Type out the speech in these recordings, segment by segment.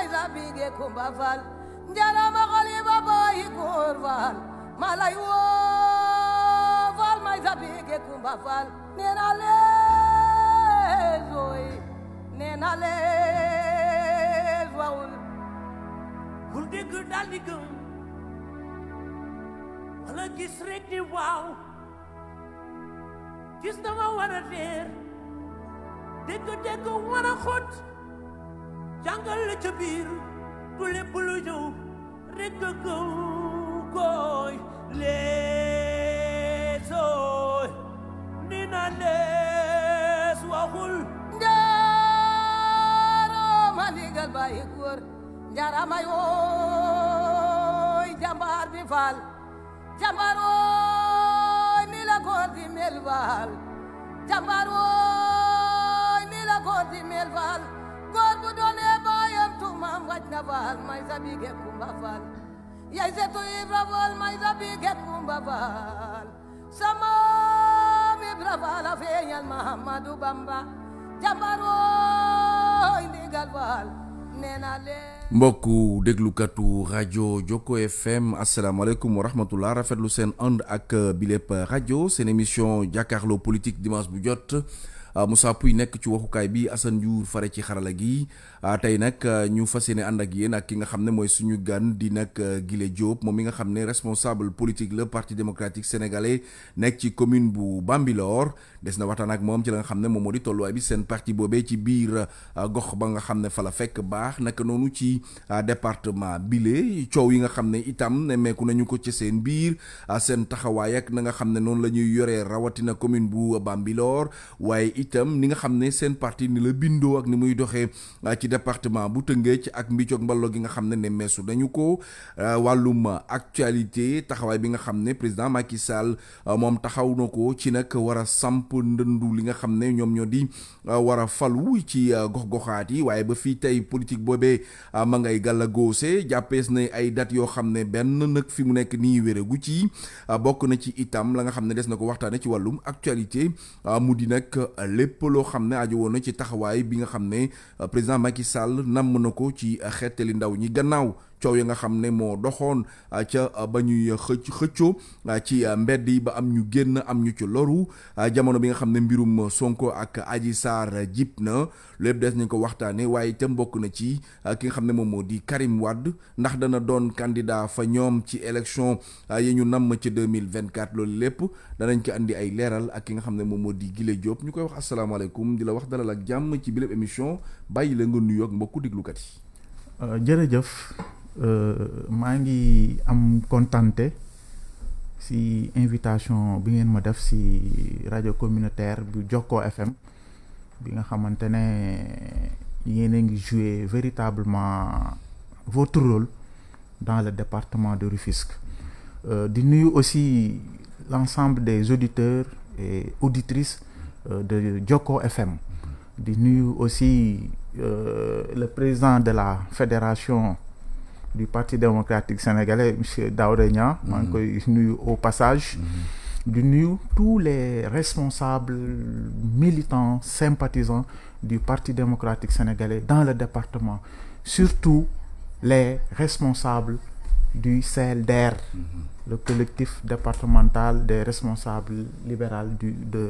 faida bige kumba fal njara ma xoli ba boyi góor fal malay woo fal may sa bige kumba fal nee na lees woy nee na lees wawul bul dégg dal di gëm wala gis rek di waaw gis dama war a réer dégg jàngal le chabir biir du lépp lu ñëw rek le so gooy leesooy ni na lees waxul njaaroma ndigal bàyyi góor njaarama yooy jàmbaar bi faal jàmbaarooy ni la di mel ni la di mel faal bu mambwa tinavala maizabige kumbavala yaizetu ibravala maizabige kumbavala samami bravala fenyal mahamadu bamba jambaro indigalval nenale mbokku déglukatu rajo Joko FM asalaamaaleykum wa rahmatullah rafetlu seen ànd ak bilépp rajo seen émission jàkkaarloo politique dimanche bu jot ah, Moussa Pouy nekk ci waxukaay bi Assane Diour fare ci xarala gi Ah, tay nak ah, ñu fassiyene and ak yeen ak ki nga xamne moy suñu gan di nak ah, Guilé Diop mom mi nga xamne responsable politique le parti démocratique sénégalais nek ci commune bu Bambilor des na waxtaan ak mom ci la nga xamne mom modi tollu bi sen parti bobé ci biir gox ba nga xamne fa la fekk baax nak nonu ci département Bilé ciow yi nga xam itam nemmeeku nañu ko ci sen biir sen taxaway ak nga xamne non lañuy yoré rawati na rawatina commune bu Bambilor way itam ni nga xamne sen parti ni le bindo ak ni muy doxé département bu ci ak mbiccoog mballo gi nga xamné ne messu dañu ko euh, walum actualité taxaway bi nga xamné président Macky Sall euh, mom taxaw na ci nak wara samp ndëndu li nga xamné ñom ñoom ñoo di euh, war falu ci gox goxati waye ba fi tay politique bobé ma ngay gossé jàppees né ay date yo xamné ne nak fi mu ni wéré gu ci na ci itam la nga xamné ne nako na ci walum actualité mu di nak lepp lo xamné aji wona ci taxaway bi nga xamné président Macky Sall namm na ko ci xettali ndaw ñi gannaaw coow yi nga xam ne moo doxoon ah, ca ah, ba ñuy xëcc xëccoo ah, ci mbedd yi ba am ñu génn am ñu ci loru jamono bi nga xam ne mbirum Sonko ak Adji Sarr jip na lépp des nañ ko waxtaane waaye itam mbokk na ci ki nga xam ne moom moo di Karim Wade ndax dana doon candidat fa ñoom ci élection yi ñu namm ci 2024 loolu lépp danañ ko andi ay leeral ak ki nga xam ne moom moo di Gile Diop ñu koy wax asalaamaaleykum di la wax dalal ak jàmm ci biléb émission bàyyi la n nuyoog mbokku diglukat yi euh, je euh, suis am kontante si invitation bi ngeen si Radio communautaire de Joko FM bi nga jouer véritablement votre rôle dans le département de Rufisque euh, di nuyu aussi l'ensemble des auditeurs et auditrices euh, de Joko FM di nuyu aussi le président de la fédération du parti démocratique sénégalais M. Daouda Niang mhm. au passage mhm. du tous les responsables militants sympathisants du parti démocratique sénégalais dans le département surtout les responsables du CLDR mhm le collectif départemental des responsables libéraux du de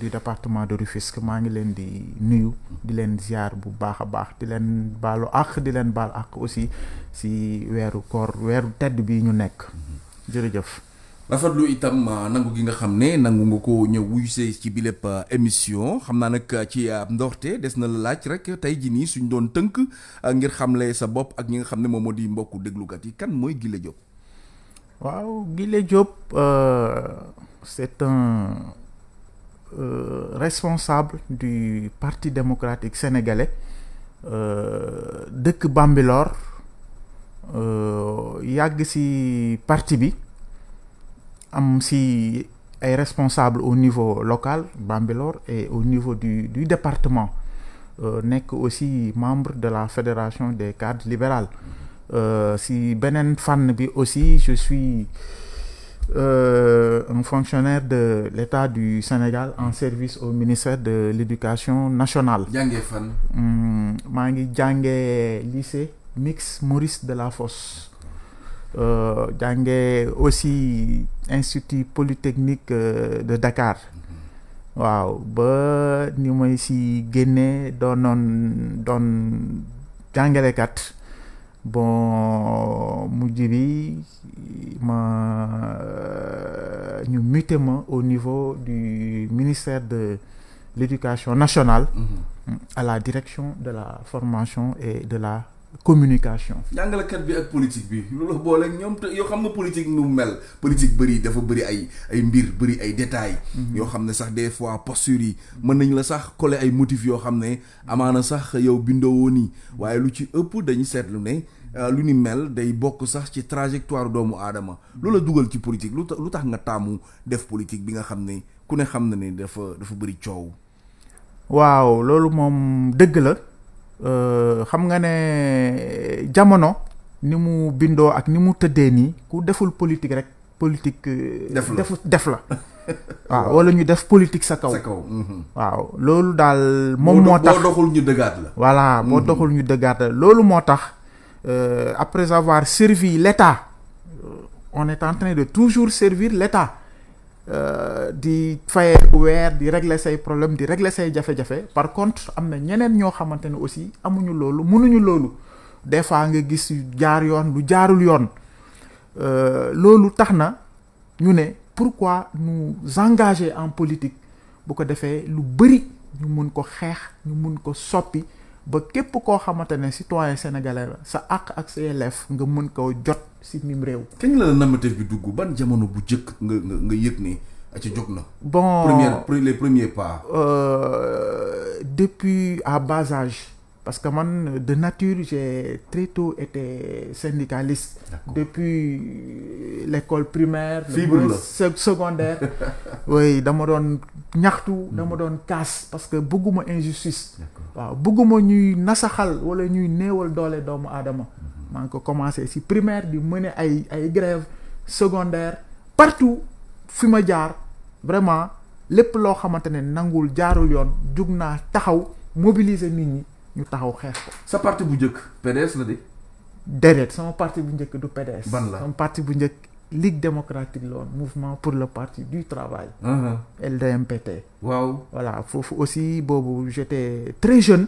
du département de Rufisque maa ngi leen di nuyu di leen ziar bu baax a baax di leen baalu àq di leen baal àq aussi si weeru koor weeru tedd bi ñu nekk jërëjëf. rafetlu itam ah, nangu gi nga xam ne nangu nga ko ñëw wuyuse ci bilépp ah, émission xam naa nag ah, ci ndoorte des na la laaj rek tey ji nii suñ doon tënk ngir xamle sa bopp ak ñi nga xam ne moom moo di mbokku déglukat yi kan mooy Guillé Wow, Guilé Diop euh, c'est un euh, responsable du Parti démocratique sénégalais euh, de Bambilor Il ci parti bi am ci responsable au niveau local Bambelor et au niveau du département. département est aussi membre de la fédération des cadres libérales euh, si Benen fan aussi je suis euh, un fonctionnaire de l'État du Sénégal en service au ministère de l'éducation nationale. jàngee fan. lycée hum, mix jàngee lycée mix Maurice Je suis euh, aussi institut polytechnique de Dakar. Mhm. waaw ba ni may si dans doonoon doon jàngalekat bon mujj ma nous euh, au niveau du ministère de l'éducation nationale mhm. à la direction de la formation et de la communication. kat bi ak politique bi loolu boole ñoom ñom yo xam nga politique nu mel politique bari dafa bari ay ay mbir bari ay détails. Mhm. yo xam ne sax des fois postures yi. mën nañ la sax coller ay motifs yo xam ne amaana sax yow bindo woni waye lu ci ëpp dañu seetlu ne euh, lu ni mel day bokk sax ci trajectoire doomu aadama loola dugal ci politique lu tax nga taamu def politique bi nga xam ne ku ne xam na ne dafa dafa bari coow. waaw loolu moom dëgg la. Euh, xam nga ne jamono ni mu ak ni mu tëddee deful politique politique. def euh, def la. wala ñu def politique sa voilà ñu la loolu euh, après avoir servi l'État on est en train de toujours servir l'État. Euh, di fayeeku weer di régler ces problèmes, di régler ces jafe-jafe par contre amna ñeneen ño xamante aussi amuñu lolu mënuñu lolu des fois nga gis jaar yoon lu jaarul yoon euh lolu taxna ñu pourquoi nous engager en politique bu ko défé lu bëri ñu mën ko xeex ñu mën ko soppi ba képp koo xamante ne citoyen sénégalais la sa àq ak sa yelleef nga mën koo jot si mim réew. kañ la la normatif bi dugg ban jamono bu jëkk nga nga nga yëg ni ci jóg na. bon première les premiers pas. Euh, depuis à bas Parce que moi, de nature, j'ai très tôt été syndicaliste. Depuis euh, l'école primaire, le secondaire. oui, dans mhm. casse, parce que beaucoup injustice. Beaucoup moins dans les adama. ici primaire, du à grève, secondaire, partout, diar, vraiment, les à nangoul, mobiliser ñu sa parti bu PDS la de. c'est mon parti bu du PDS. ban parti bu Ligue démocratique le mouvement pour le parti du travail. Uh-huh. LDMPT. waaw voilà aussi j'étais très jeune.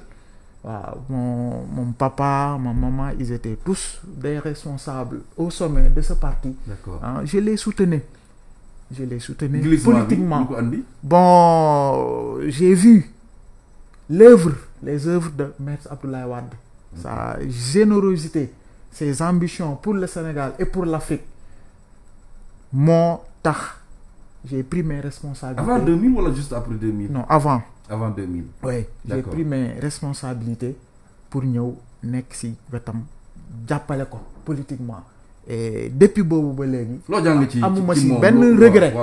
mon mon papa ma maman ils étaient tous des responsables au sommet de ce parti. d'accord ah, je les soutenais. je les soutenais. politiquement bon j'ai vu l'œuvre les œuvres de Maître Abdoulaye Wade, sa générosité, ses ambitions pour le Sénégal et pour l'Afrique mon tax. J'ai pris mes responsabilités. Avant 2000 ou juste après 2000 Non, avant. Avant 2000. Oui, j'ai pris mes responsabilités pour nous, Nexi, Vetam, Diapaleko, politiquement. Et depuis Bobo Belégui, je n'ai pas de regret.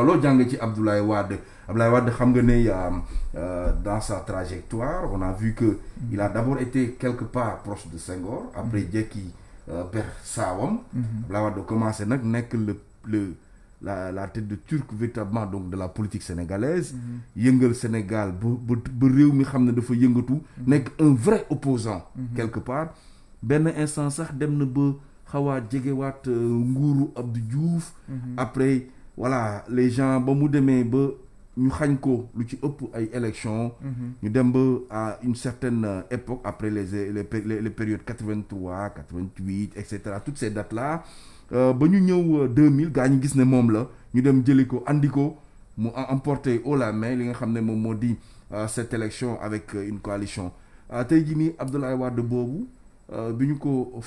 Abdoulaye Wade. Abdoulaye Wade xam nga euh, euh, dans sa trajectoire on a vu que mm. il a d'abord été quelque part proche de Senghor après jekki mm. euh, per saawam mm-hmm. Abdoulaye Wade commencé nag nekk le le la la tête de turc véritablement donc de la politique sénégalaise mm-hmm. Yengel Sénégal ba ba ba réew dafa yëngatu mm-hmm. un vrai opposant quelque part ben instant sax dem na ba xaw a jegewaat nguuru Abdou Diouf après voilà les gens ba mu demee ba ñu xañ ko lu ci ëpp ay élections. Mhm. ñu dem à une certaine euh, époque après les les les, périodes 83 88 etc. toutes ces dates là euh, ba ñu 2000 nous avons gis ne moom la ñu dem jëli Andiko, emporté haut la main li nga xam ne euh, cette élection avec une coalition tey jii nii Abdoulaye Wade boobu bi ñu ko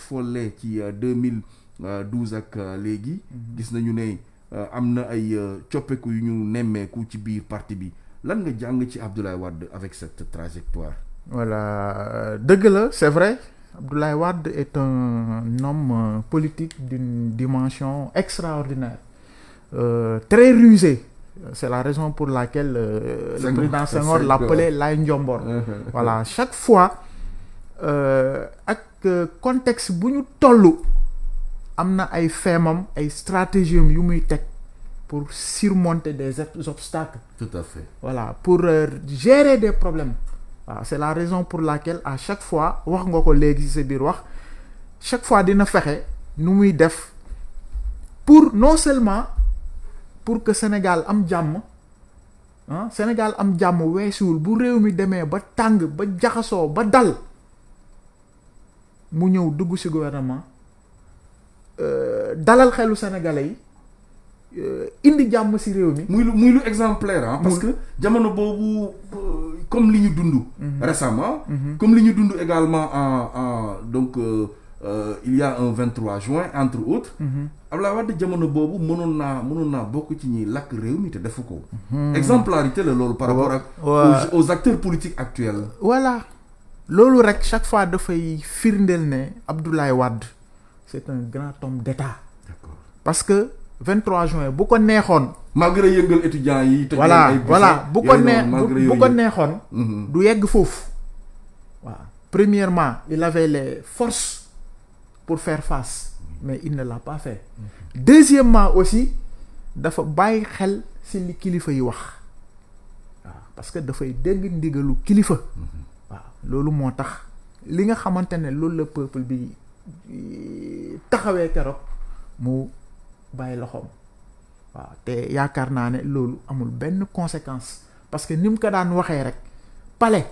ci 2012 ak Légui, mhm. gis nañu euh, amna à ay euh, chopper yu ñu nemmeeku ci biir parti bi lan nga jàng ci Abdoulaye ward avec cette trajectoire. voilà euh, dëgg la c'est vrai Abdoulaye ward est un homme politique d'une dimension extraordinaire très rusé. C'est la raison pour laquelle euh, le président Senghor l'appelait la Ndiombor. Uh-huh. voilà, chaque fois, euh, avec contexte, ñu tollu, amna ay feemam ay stratégie yu muy tek pour surmonter des obstacles. tout à fait voilà pour euh, gérer des problèmes. c'est la raison pour laquelle à chaque fois wax nga ko légui ci sa wax chaque fois dina fexé nu muy def pour non seulement pour que Sénégal am jàmm hein Sénégal am jàmm wessoul bu réew mi demee ba tang ba jaxasoo ba dal mu ñëw dugg ci gouvernement. Euh, dalal xelu sénégalais yi euh, indi jàmm si réew mi. muy lu exemplaire hein, parce que jamono boobu euh, comme li ñu mhm. récemment. Mhm. comme li ñu également en en donc il y a un 23 juin entre autres. Mhm. Abdoulaye Wade jamono boobu mënoon naa mënoon naa bokk ci ñi lakk réew mi te exemplarité le loolu. par rapport aux acteurs politiques actuels. voilà loolu rek chaque fois dafay firndeel ne Abdoulaye Wade c'est un grand homme d'État. parce que 23 juin bu ko neexoon. malgré les étudiants yi. te voilà voilà bu ko nee bu ko neexoon. Mhm. du premièrement il avait les forces pour faire face mais il ne l'a pas fait. Mhm. deuxièmement aussi dafa bàyyi xel ci li kilifa yi wax parce que dafay dégg ndigalu kilifa. waaw mhm. loolu moo tax li nga xamante ne loolu peuple bi taxawee keroog mu bàyyi loxoom waaw te yaakaar naa ne amul conséquence parce que nous cadavres ko daan rek pale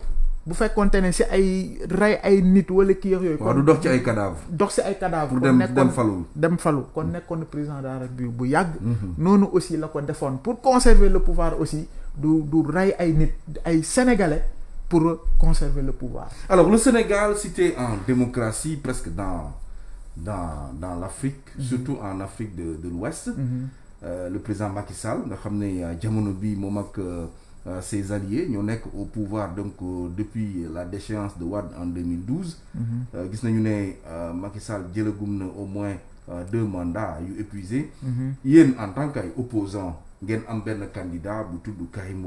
bu fekkonte ne si ay ray ay nit wala kii yooyu. waaw dox ci ay cadavre dox si ay cadavre mm. président de la bu mm-hmm. aussi la ko pour conserver le pouvoir aussi du du ray ay nit sénégalais pour conserver le pouvoir. Alors, le Sénégal, cité en démocratie presque dans, dans, dans l'Afrique, mhm. surtout en Afrique de, de l'Ouest, mhm. euh, le président Macky Sall, euh, nous euh, savons ses alliés, nous sommes au pouvoir donc, depuis la déchéance de Wad en 2012. Nous avons Macky Sall au moins deux mandats épuisés. Mm -hmm. Il en tant qu'opposant y am un candidat bu tuddu Karim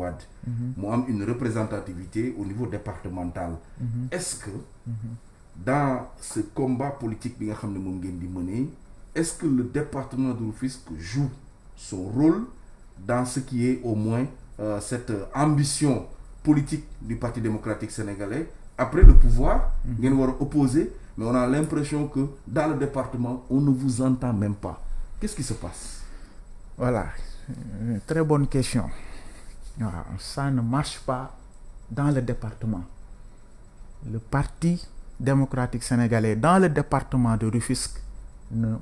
une représentativité au niveau départemental mhm. est-ce que mhm. dans ce combat politique est-ce que le département de joue son rôle dans ce qui est au moins euh, cette ambition politique du Parti démocratique sénégalais après le pouvoir opposé mhm. y opposer mais on a l'impression que dans le département on ne vous entend même pas qu'est-ce qui se passe voilà euh, très bonne question ça ne marche pas dans le département le parti démocratique sénégalais dans le département de Rufisque ne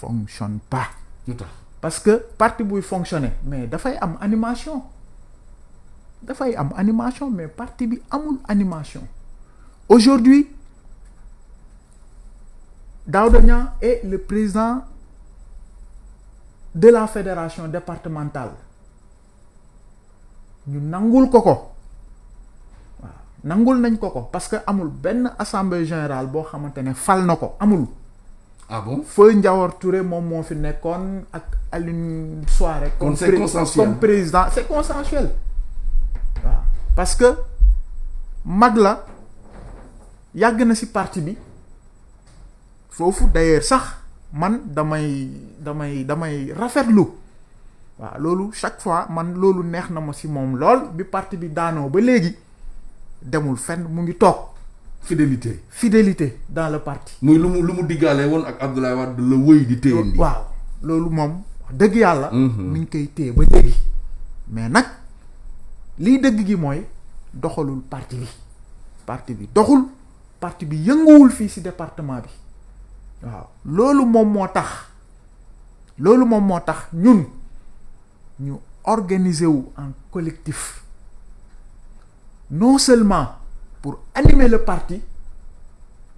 fonctionne pas. parce que parti bouille fonctionner mais d'affaires am animation a une animation mais parti a une animation aujourd'hui Daouda est le président de la fédération départementale ñu nangul koko, nangul nañ ko parce que amul ben assemblée générale bo xamantene fal amul. ah bon Feu Ndiawar Touré moom moo fi nekkoon ak Aline Soirée. kon c'est consensuel comme président c'est consensuel parce que magla yagne si parti bi fofu d'ailleurs sax man damay damay damay rafetlu wa lolou chaque fois man lolou neex na ma si mom lol bi parti bi daano ba léegi demul fenn mu ngi fidélité fidélité dans le parti. muy lu mu lu mu diggaale woon ak Abdoulaye wad la wëy di téye nii. waaw loolu moom wax dëgg mhm. mi ngi koy ba léegi. mais nak li deug gi moy doxalul parti bi parti bi doxul parti bi yënguwul fi ci département bi. Ce loolu moom moo tax loolu ñun ñu en collectif non seulement pour animer le parti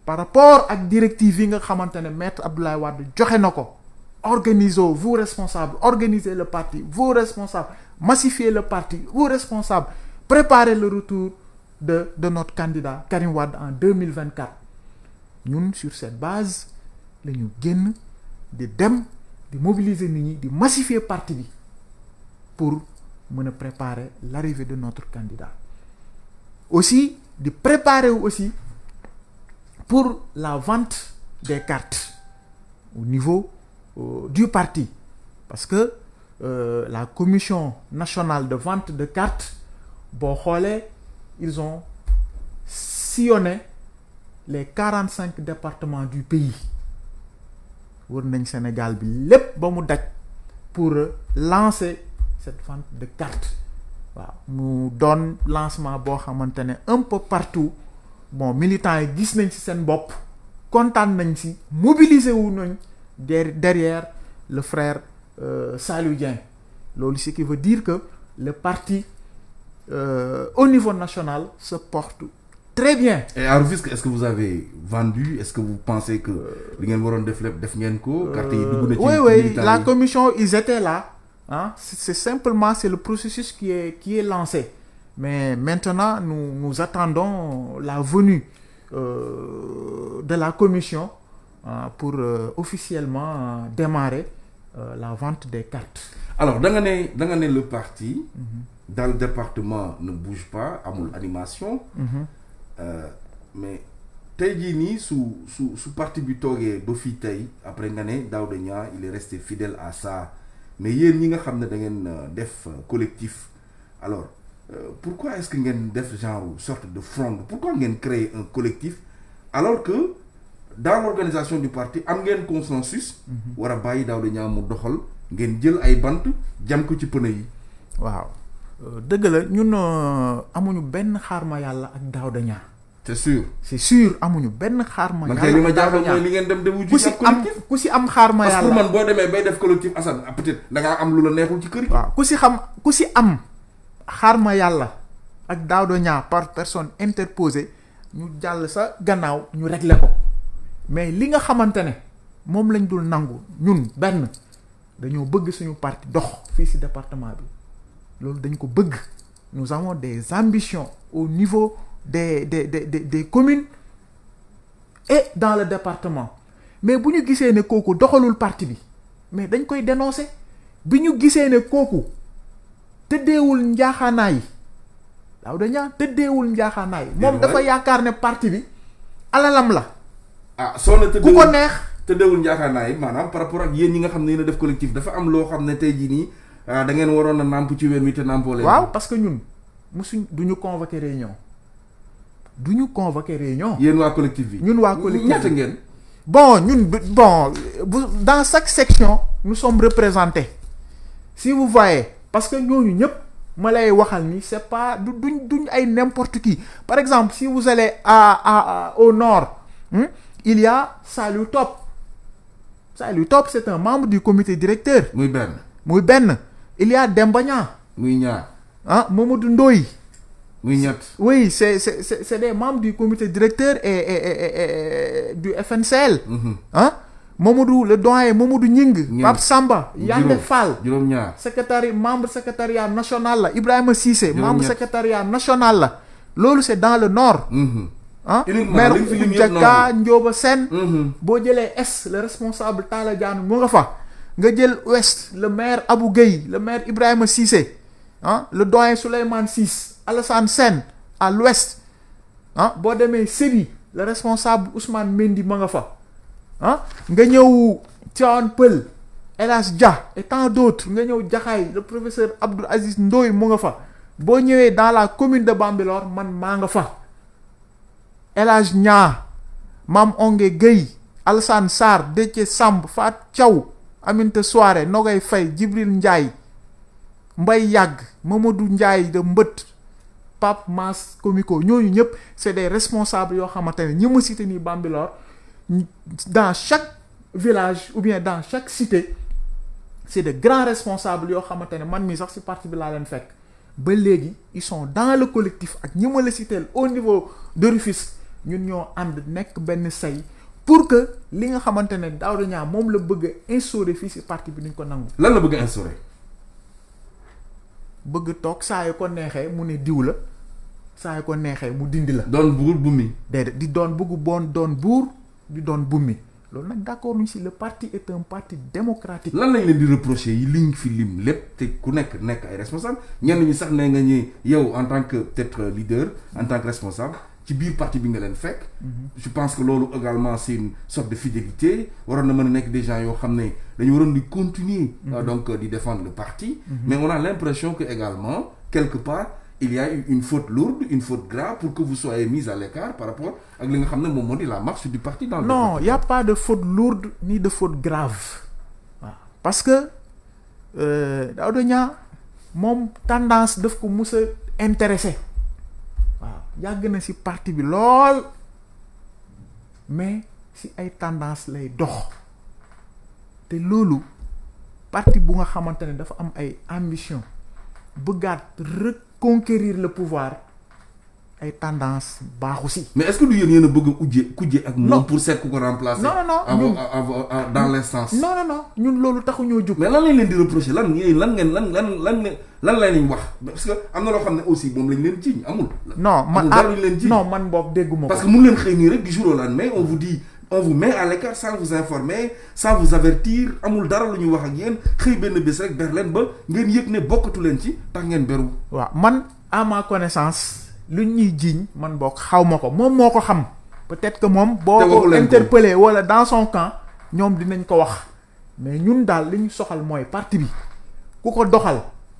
par rapport la directive que nga xamante ne maître joxe vous responsables organisez le parti vous responsables massifiez le parti vous responsables préparez le retour de de notre candidat Karim Wad, en 2024 Nous, sur cette base nous nous génn dem de mobiliser nit ñi massifier parti pour me préparer l'arrivée de notre candidat aussi de préparer aussi pour la vente des cartes au niveau euh, du parti parce que euh, la commission nationale de vente de cartes boo ils ont sillonné les 45 départements du pays Sénégal pour lancer cette vente de cartes nous donnons lancement un peu partout bon militants et gis c'est ci mobiliser derrière le frère euh, Dieng ce qui veut dire que le parti euh, au niveau national se porte Très bien. Et à est-ce que vous avez vendu Est-ce que vous pensez que Oui, euh, oui, la commission, ils étaient là. Hein. C'est simplement c'est le processus qui est, lancé. Mais maintenant, nous, attendons la venue euh, de la commission hein, pour euh, officiellement démarrer la vente des cartes. Alors, dans le parti, mm-hmm. dans le département ne bouge pas, à mon animation. Mm-hmm. Euh, mais tey jii sous su su parti bi toogee ba fi après nga ne il est resté fidèle à ça mais il ñi nga xamné da euh, euh, collectif alors pourquoi est-ce que ngeen def genre sorte de front pourquoi ngeen créer un collectif alors que dans l'organisation du parti am ngeen consensus. ou mhm. a bàyyi Daouda Niang mu doxal ngeen jël ay bant jam ko ci waaw. dëgg la ñun euh, amuñu benn xaar ma yàlla ak Daouda Niang c'est sûr c'est sûr amuñu benn xaar ma yàlla li ma jaaxal mooy li ngeen dem dem ku si am ku si xaar ma yàlla parce que man boo demee bay def collectif Assane ah, peut-être da ngaa am lu la neexul ci kër waaw ku si xam ku si am xaar yàlla ak Daouda Niang par personne interposée ñu jàll sa gannaaw ñu regle ko mais li nga xamante ne moom lañ dul nangu ñun benn dañoo bëgg suñu parti dox fii si département bi loolu dañ ko bëgg nous avons des ambitions au niveau des des des des communes et dans le département mais bu ñu gisee ne kooku doxalul parti bi mais dañ koy dénoncer bi ñu gisee ne kooku tëddeewul njaaxaanaay daaw dañaa tëddeewul njaaxaanaay moom dafa yaakaar ne parti bi alalam la. ah soo na ku ko neex. tëddeewul njaaxaanaay maanaam par rapport ak yéen ñi nga xam ne yéen a def collectif dafa am loo xam ne tey jii nii. Ah, da ngeen waroon a nàmp ci weer mi te nàmpoo leen. waaw parce que ñun mosuñ du à convoqué réunion duñu ñu convoqué réunion. yéen waa collectif bi ñun waa collectif ñaata ngeen. bon ñun bon dans chaque section nous sommes représentés si vous voyez parce que ñooñu ñëpp ma lay waxal ni c'est pas du duñ duñ ay n'importe qui par exemple si vous allez à, à, au nord hmm, il y a Salutop. Top Salut Top c'est un membre du comité directeur muy ben, muy ben il y a Dembanya, Niang. ah Mamadou oui c'est des membres du comité directeur et et et, du FNCL. Mhm. ah Mamadou le doyen Mamadou Nying. Pape Samba. Yande Fall secrétaire membre secrétariat national Ibrahim Sissé, Cissé. membre secrétariat national la. c'est dans le nord. Mhm. ah maire Koundiaka Sen, Sène. Mhm. S le responsable Talla Diagne nga jël ouest le maire Abou Gueye le maire Ibrahima Cissé ah, le doyen Souleymane Ciss Alassane Sen à l'ouest ah boo le responsable Ousmane Mendy ma fa ah nga Peul et tant d'autres nga ñëw le professeur Abdoul Aziz Ndoye mo nga fa bo dans la commune de Bambelor, man Manga fa El Mame Ongué Gueye Alassane Sar Samb Fat tiao Aminte Soare, Nogay Faye Djibril Ndiaye Mbaye Yag, Mamadou Ndiaye de Pap Pape Komiko, Comico ñooñu ñep c'est des responsables yo xamantene ne ñi ma cité ni Bambilor dans chaque village ou bien dans chaque cité c'est des grands responsables yo xamantene man mi sax ci parti bi la len fek ba ils sont dans le collectif ak ñi ma la cité au niveau de Rufus, ñun ñoo and nek ben say pour que li nga xamante ne Daouda Niang moom la bëgg a fii si parti bi duñ ko nangu. lan la bëgg a instaurer. bëgg toog saa yu ko neexee mu ne diw la saa yu ko neexee mu dindi la. doon buur bummi. déedéet di doon bëggu bon doon buur di doon mi loolu nag d' accord ñu si le parti est un parti démocratique. lan lañ leen di reprocher yi liñ fi lim lépp te ku nekk nekk ay responsable ñenn ñi sax nee nga ñuy yow en tant que peut-être leader en tant que ci biir parti bi nga leen fekk. Mhm. je pense que loolu également c' est une sorte de fidélité waroon na mën a nekk des gens yoo xam ne dañu waroon di continuer. Mhm. Euh, donc euh, di défendre le parti. Mhm. mais on a l' impression que également quelque part il y a eu une faute lourde une faute grave pour que vous soyez mis à l'écart par rapport ak li nga xam ne moom moo di la marche du parti. dans le non y' a pas de faute lourde ni de faute grave parce que euh, Daouda Niang moom tendance daf ko mus a intéressé. yàgg na si partie bi lool mais si ay tendance lay dox te loolu partie bu nga xamante ne dafa am ay ambition bëggaat reconquérir le pouvoir ay tendance baaxu aussi mais est-ce que du yéen yéen a bëgg a ujjee ak. moom pour seet ku ko remplacer. non non non dans l'instance. non non non ñun loolu taxuñoo jóg. mais lan lañ leen di reprocher lan yéen lan ngeen lan lan lan lan lañ leen wax parce que am na loo xam ne aussi moom lañ leen jiiñ amul. non man amul ah, leen jiiñ non man boobu dégguma ko. parce que mun leen xëy nii rek du jour au lendemain on vous dit on vous met à l'écart sans vous informer sans vous avertir amul dara lu ñu wax ak yéen xëy benn bés rek ber leen ba ngeen yëg ne bokkatu leen ci tax ngeen beru. waaw man à ma connaissance. lu ñuy jiiñ man bokk xaw ma ko moom moo ko xam peut-être que moom boo ko interpellé wala dans son camp ñoom dinañ ko wax mais ñun daal li ñu soxal mooy parti bi ku ko doxal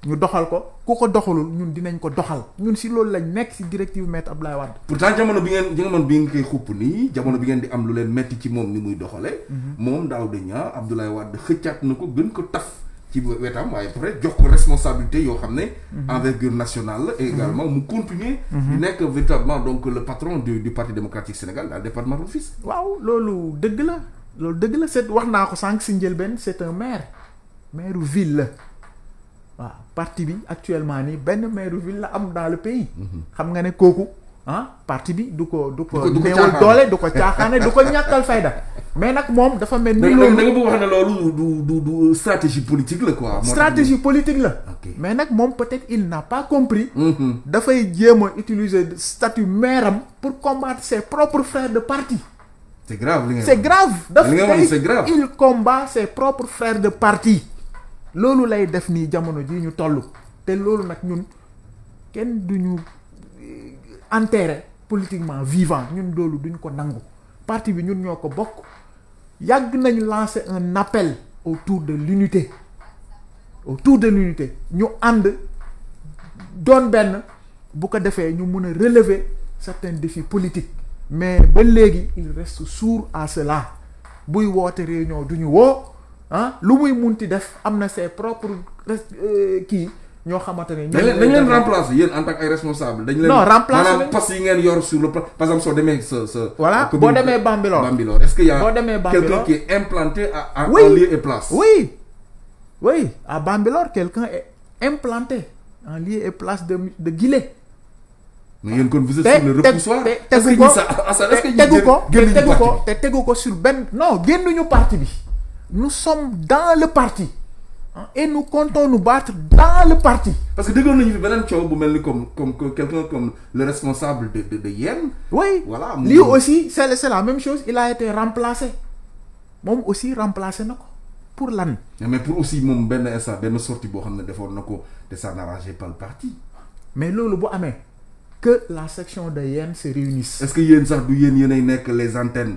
ñu doxal ko ku ko doxalul ñun dinañ ko doxal ñun si loolu lañ nekk si directive maître Abdoulaye Wade pourtant jamono bi ngeen jamono bi ngeen koy xupp nii jamono bi ngeen di am lu leen metti ci moom ni muy doxale mhm. moom daaw ñaa dañaa Abdoulaye Wade xëccaat na ko gën ko tas qui veut waaye peut responsabilité yoo xam une mhm. envergure nationale et mhm. également mu continuer que mhm. véritablement donc le patron du parti démocratique Sénégal le département de waouh waaw c'est ko c'est un maire maire ville parti actuellement nii maire ville dans le pays xam nga ne ah, parti du ko du du mais nak mom dafa mel ni loolu nga bëgg wax du du du euh, stratégie politique la quoi. stratégie politique la. mais nak mom peut-être il n'a pas compris. Mm-hmm. dafay jéem a utiliser statut maire am pour combattre ses propres frères de parti. c'est grave li nga c'est grave dafay il combat ses propres frères de parti. lolu lay def ni jamono ji ñu tollu té lolu nak ñun kenn du euh, enterrer politiquement vivant ñun lolu duñ ko nangu parti bi ñun ñoko bokk. Il y lancer un appel autour de l'unité autour de l'unité Nous avons beaucoup relever certains défis politiques mais il reste sourd à cela Si réunion du réunion hein? ah lu muy munti def ses propres euh, ñoo xamante ne. dañ leen remplacer yéen en tant que ay responsable dañ leen non remplacer maanaam poste yi ngeen yor sur le plan par exemple soo demee ce ce voilà bo demee Bambelor. Bambelor. est-ce qu'il y a. quelqu'un qui est implanté à à en lieu et place. oui oui à Bambelor, quelqu'un est implanté en lieu et place de de Guilé. mais yéen kon vous êtes sur le repoussoir. te tegu ko ça tegu ko que tegu ko te tegu ko sur ben non génnuñu parti bi nous sommes dans le parti. Hein? et nous comptons nous battre dans le parti. parce que dès que fi comme quelqu'un comme le responsable de de de Yen. oui voilà lui aussi c'est la même chose il a été remplacé Moi aussi remplacé pour l'année mais pour aussi il ben ça Ben sortie de xam ne na le parti. mais le bu amee que la section de Yen se réunisse. est ce que Yen, ça, du Yen les antennes.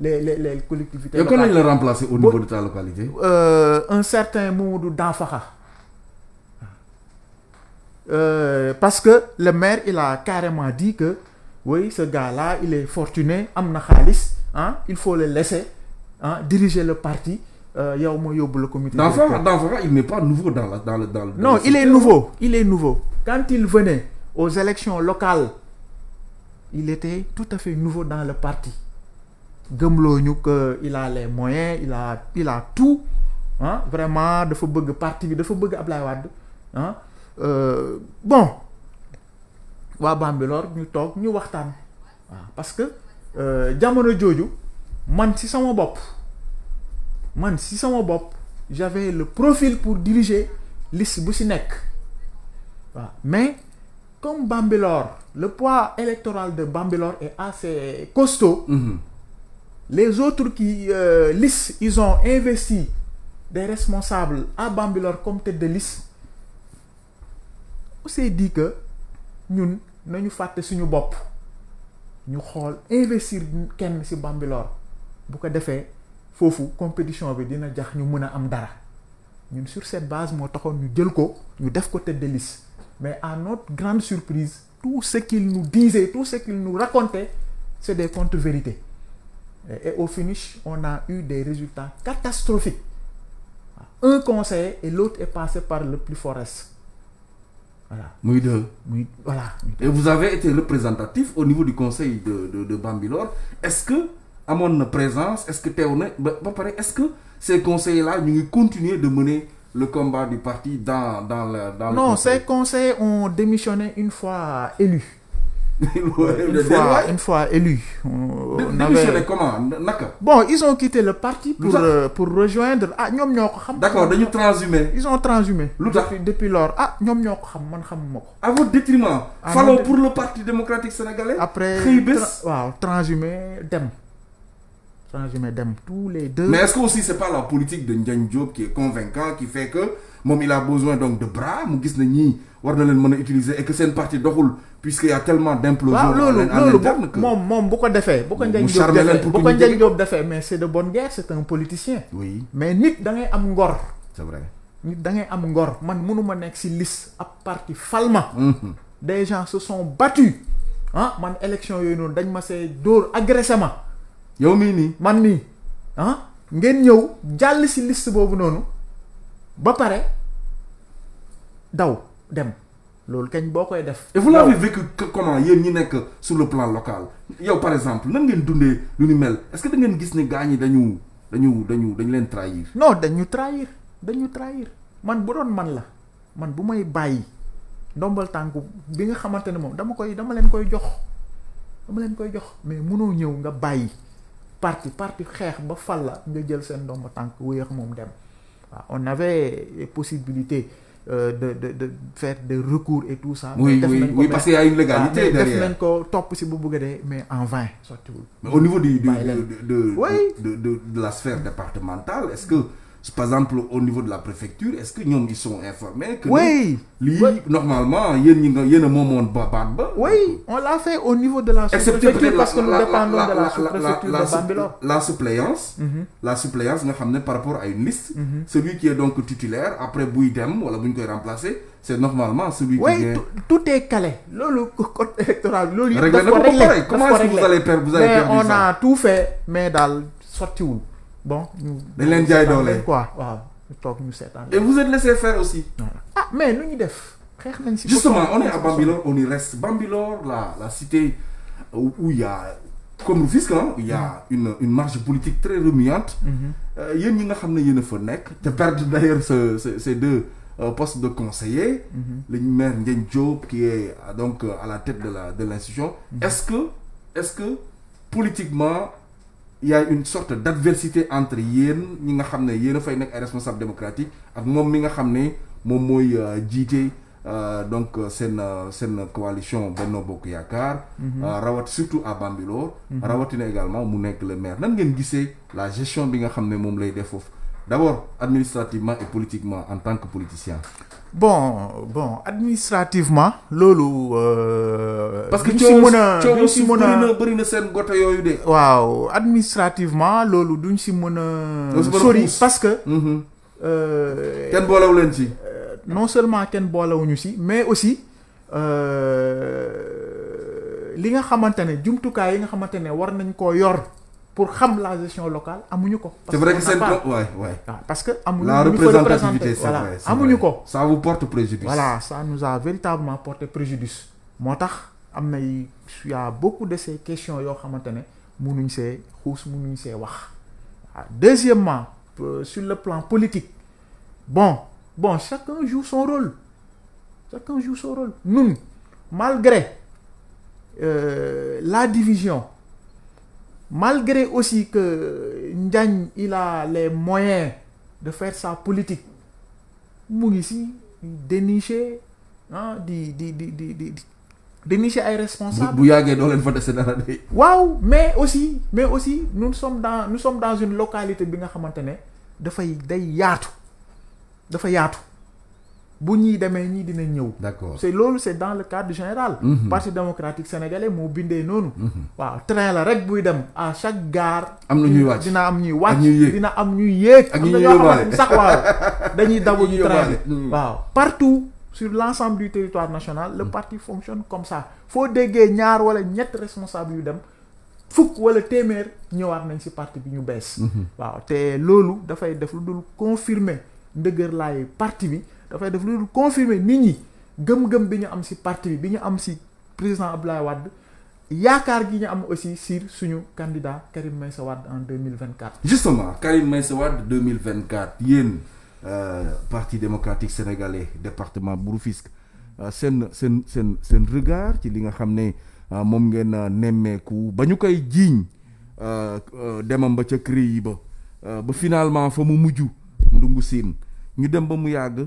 les collectivités. Et comment il a remplacé au niveau de ta localité euh, Un certain Moudou Danfaha. Euh, parce que le maire, il a carrément dit que, oui, ce gars-là, il est fortuné, hein, il faut le laisser hein, diriger le parti. Euh, le comité. il n'est pas nouveau dans, dans le. Dans, non, il est nouveau. Il est nouveau. Quand il venait aux élections locales, il était tout à fait nouveau dans le parti gëmloo que il a les moyens il a il a tout hein, vraiment faut bëgg parti partie, faut bëgg Abdoulaye Wade hein. euh, bon Wa lor ñu tok ñu waxtan parce que euh, jamono jojo man ci sama bop man ci sama bop j'avais le profil pour diriger liste bu mais comme lor le poids électoral de lor est assez costaud. Mm-hmm. Les autres qui euh, ils ont investi des responsables à Bambilor comme tête de liste. On s'est dit que nous, nous faisons ce bop. Nous avons investir quelqu'un sur Bambilor. Pour nous avons fofu compétition bi dina jax ñu mën am dara ñun sur cette base nous avons ñu jël nous ñu tête de liste mais à notre grande surprise tout ce qu'ils nous disaient, tout ce qu'ils nous racontaient, c'est des contre-vérités et au finish, on a eu des résultats catastrophiques. Un conseil et l'autre est passé par le plus forest. Voilà. voilà. Et vous avez été représentatif au niveau du conseil de, de, Bambilor. Est-ce que, à mon présence, est-ce que tu es honnête Est-ce que ces conseillers-là, ils continuent de mener le combat du parti dans, dans, le, non, ces conseils ont démissionné une fois élus. Euh, une, fois, une, fois, élu. On, avait... comment Bon, ils ont quitté le parti pour, euh, pour rejoindre. Ah, D'accord, ils ont transhumé. Ils ont transhumé. Depuis, lors. Ah, À votre détriment. Ah, pour le Parti démocratique sénégalais. Après, wow, transhumé, dem. Transhumé, dem. Tous les deux. Mais est-ce que aussi, c'est pas la politique de Ndiagne Job qui est convaincant, qui fait que, mon il a besoin donc de bras, Mougis Nengi, le Mona utiliser, et que c'est une partie de puisqu'il y a tellement d'implosions loolu loolu moom moom beaucoup ko defee mais c'est de bonne guerre c'est un politicien oui mais nit da ngay am ngor c'est vrai nit da ngay am ngor man mënuma nek ci liste parti falma mhm. des gens se sont battus hein, man élection yoy non dañ ma sé dor agressé yow mi ni man ni, hein, ah, ngeen ñew jall ci liste bobu noonu ba paré daw dem et vous l'avez vécu comment sur le plan local par exemple nan ngeen est-ce que da ngeen gis ne dañu dañu dañu dañ leen trahir. non dañu trahir dañu trahir man bu doon man la man bu may bàyyi ndombal tànku bi nga trahi. dama koy dama koy jox dama koy jox mais mënoo ñew nga parti parti xex ba fal nga jël sen dem on avait possibilité. Euh, de, de, de faire des recours et tout ça. Oui, oui, oui parce qu'il y a une légalité ah, derrière. top si vous mais en vain surtout. Mais au niveau de, de, de, de, de la sphère départementale, est-ce que mm par exemple au niveau de la préfecture est-ce que nous sont informés. que oui normalement il y a un moment de ba. oui on l'a fait au niveau de la. sous parce que nous dépendons de la préfecture de la suppléance. la suppléance mhm. nous xam par rapport à une liste. Mhm. celui qui est donc titulaire après Bouidem, wala qui est remplacé, c'est normalement celui. qui est Oui, tout est calé Le code électoral le livre, comment est-ce que vous allez perdre vous allez perdre. mais on a tout fait mais dans sorti où bon mais l'India est quoi et vous êtes laissé faire aussi. ah mais nous nous, def. justement on est à Bambilor on y reste Bambilor la la cité où il y a comme le disons, hein, il y a mm-hmm. une une marge politique très remuante. Il mm-hmm. euh, ñi nga xam ne a fa De perdre d'ailleurs ce ces deux. Euh, postes de conseiller. Mm-hmm. le maire Ndiaye qui est euh, donc à la tête de l'institution. Est-ce que est-ce que politiquement il y a une sorte d'adversité entre yéen ñi nga xamné ne yéen fay responsable démocratique ak mom mi nga xamné mom moy mooy euh, euh, donc c'est euh, coalition Benno Bokk Yaakaar. Mhm. rawat surtout à Bambilor. Mhm. rawatina également mu nekk le maire nan ngeen gisee la gestion bi nga xamné mom lay def d'abord administrativement et politiquement en tant que politicien bon bon administrativement loolu. Euh, parce que tu mën a duñ si mën a bëri na seen administrativement loolu duñ si mën Sorry, parce que. Mm-hmm. Euh, Ken boolewu leen ci. Euh, non seulement kenn boolewuñu si mais aussi Euh, li nga xamante ne jumtukaay yi nga xamante war nañ ko yor pour la gestion locale à ko. c'est vrai que c'est vrai ouais, ah, parce que amuñu la représentativité c'est vrai ça vous porte préjudice. voilà ça nous a véritablement porté préjudice. motax tax à y a beaucoup de ces questions yo xamante ne munuñ rousse xuus munuñ wax. Ah, deuxièmement euh, sur le plan politique bon bon chacun joue son rôle chacun joue son rôle. nous malgré euh, la division malgré aussi que Ndiagne il a les moyens de faire sa politique mu si dénicher hein, di di di di di dénicher ay responsables. fa dara mais aussi mais aussi nous sommes dans nous sommes dans une localité bi nga de faire des day de faire yaatu bu ñii demee dina ñëw. d'accord c'est lolu c'est dans le cadre général. Mhm. parti démocratique sénégalais moo bindee noonu. Mhm. waaw train la rek buy dem à chaque gare. am na ñuy wàcc dina am ñuy wàcc. dina am ñuy yéeg. ak ñuy sax waaw dañuy dabu ñu train mhm. waaw partout. sur l'ensemble du territoire national le parti fonctionne comme ça faut déggee ñaar wala ñet responsable yu dem fuk wala témèr ñëwaat nañ ci parti bi ñu bees waaw lolu da fay def lu dul confirmer ndëgër laay parti bi dafay def lu confirmer nit ñi gëm-gëm bi ñu am ci parti bi bi ñu am ci président Abdoulaye Wade yaakaar gi ñu am aussi sur suñu candidat Karim Maysa Wade en 2024 justement Karim Maysa Wade 2024 euh, parti démocratique sénégalais département Bourfisk euh, sen sen sen sen seen regard ci li nga xamné ne euh, ngeen euh, nemmeeku ba bañu koy euh, demam ba ca CREI ba ba finalement fa mu muju ndungu sin ñu dem ba mu yagg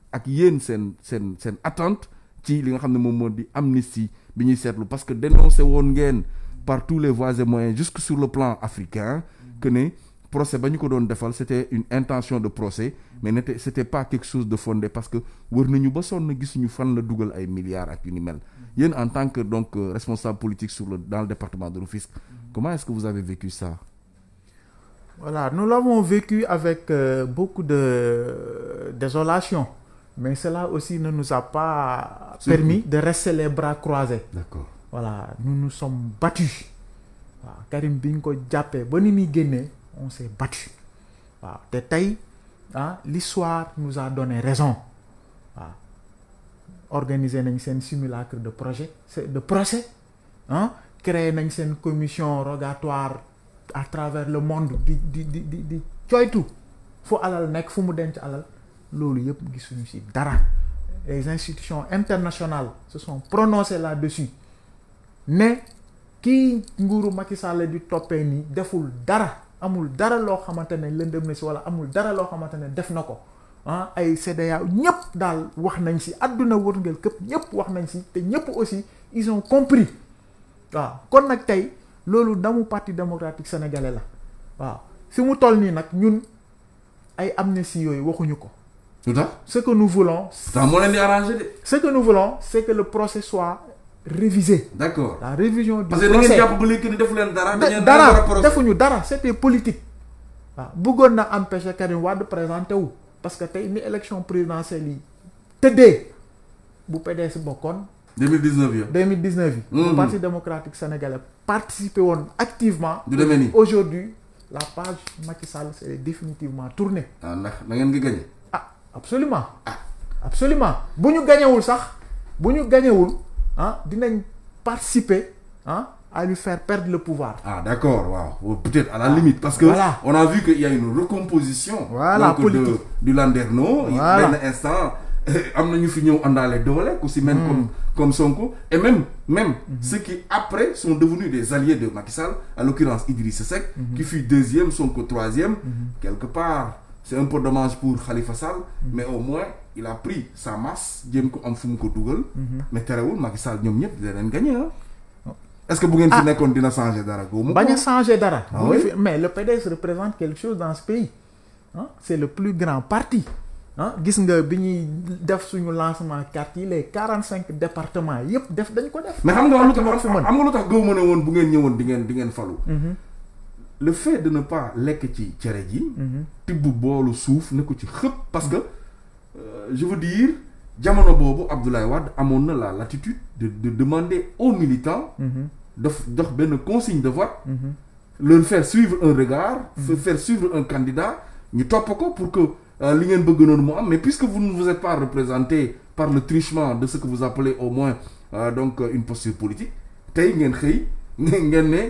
ak yeen sen sen sen attente ci li nga xamne mom modi amnistie bi parce que dénoncé won ngeen par tous les voies et moyens jusque sur le plan africain que né procès ko doon defal c'était une intention de procès mais n'était c'était pas quelque chose de fondé parce que wër nañu ba sonn gisuñu fan la dougal ay milliards ak mel yeen en tant que donc euh, responsable politique sur le dans le département de l'office comment est-ce que vous avez vécu ça voilà nous l'avons vécu avec euh, beaucoup de euh, désolation mais cela aussi ne nous a pas permis de rester les bras croisés. D'accord. Voilà, nous nous sommes battus. Karim Binko Diapé, Bonimi Guéné, on s'est battu. Ah, l'histoire nous a donné raison. Organiser un simulacre de projet, de procès. Hein, créer une commission rogatoire à travers le monde. Il faut aller, il faut aller loolu yëpp gisuñu ci dara les institutions internationales se sont prononcées là-dessus ne kii nguuru Macky Sall di toppee nii deful dara amul dara loo xamante ne lëndëm na ci wala amul dara loo xamante ne def na ko ah ay CDA ñëpp daal wax nañ ci àdduna wërngël këpp ñëpp wax nañ ci te ñëpp aussi ils ont compris waaw kon nag tey loolu damu parti démocratique sénégalais la waaw si mu toll nii nag ñun ay amnistie yooyu waxuñu ko. Ce que nous voulons. Ce que nous voulons, c'est que le procès soit révisé. D'accord. La révision du Parce procès. Parce que dara defuñu dara c'était politique. waaw ah, bëggoon na empêcher Karim de présenter où parce que tey une élection présidentielle vous tëddee bu PDS bokkoon. 2019 2019 hmm. le parti démocratique sénégalais participé activement. aujourd'hui la page Macky Sall c'est définitivement tournée. ah gagné absolument ah. absolument bu ñu ça, sax bu ñu gañewul ah participer ah, à lui faire perdre le pouvoir. Ah d'accord, wow. peut-être à la ah, limite, parce que voilà. on a vu qu'il y a une recomposition voilà, donc, de, du Landerneau. Il y a un instant, en dans les aussi même hmm. comme comme Sonko, et même même hmm. ceux qui après sont devenus des alliés de Macky Sall, à l'occurrence Idriss Seck, hmm. qui fut deuxième, Sonko troisième, quelque part c'est un peu dommage pour Khalifa Sall mm-hmm. mais au moins il a pris sa masse mm-hmm. mais Macky gagné hein. oh. est-ce que vous avez ah. dara. Ah mais le PDS représente quelque chose dans ce pays hein. c'est le plus grand parti. Hein. les départements mais le fait de ne pas lekk ci cere ji mhm. tibb le souf ne ko ci xep parce que euh, je veux dire jamono bobu Abdoulaye Wade mon na la latitude de de demander aux militants mhm. d'offrir une consigne de vote mhm. leur faire suivre un regard faire suivre un candidat mais top ko pour que euh, li ngeen mais puisque vous ne vous êtes pas représenté par le trichement de ce que vous appelez au moins euh, donc une posture politique tay ngeen ngeen ne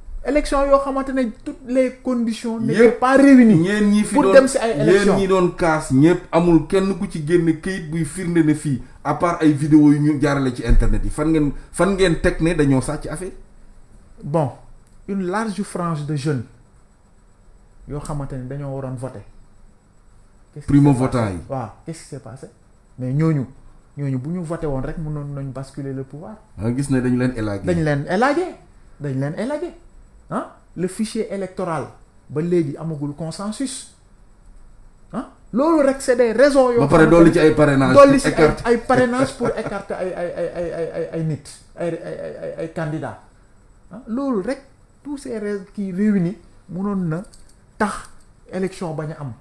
élection yoo xamante toutes les conditions n'étaient pas réunies ñeen ñi fi pour dem si ay élection ñi doon kaas ñëpp amul kenn ku ci génn këyit buy firnde ne fii à part ay vidéo yu ñu jaarale ci internet yi fan ngeen fan ngeen teg ne dañoo sàcc affaire bon une large frange de jeunes yoo xamante ne dañoo waroon voter primo votant yi waaw qu'est-ce qui s'est passé mais ñooñu ñooñu bu ñu voté woon rek mënoon nañ basculer le pouvoir ah gis ne dañ leen élagué dañ leen élagué dañ leen élagué ah le fichier électoral ba léegi amagul consensus ah loolu rek c'est des raisons. yoo xam ne dolli ci ay parrainage dolli ci ay parrainage pour écarter ay ay ay ay ay ay nit ay ay ay ay candidat, ah loolu rek tous ces raisons qui réunis mënoon na tax élection bañ a am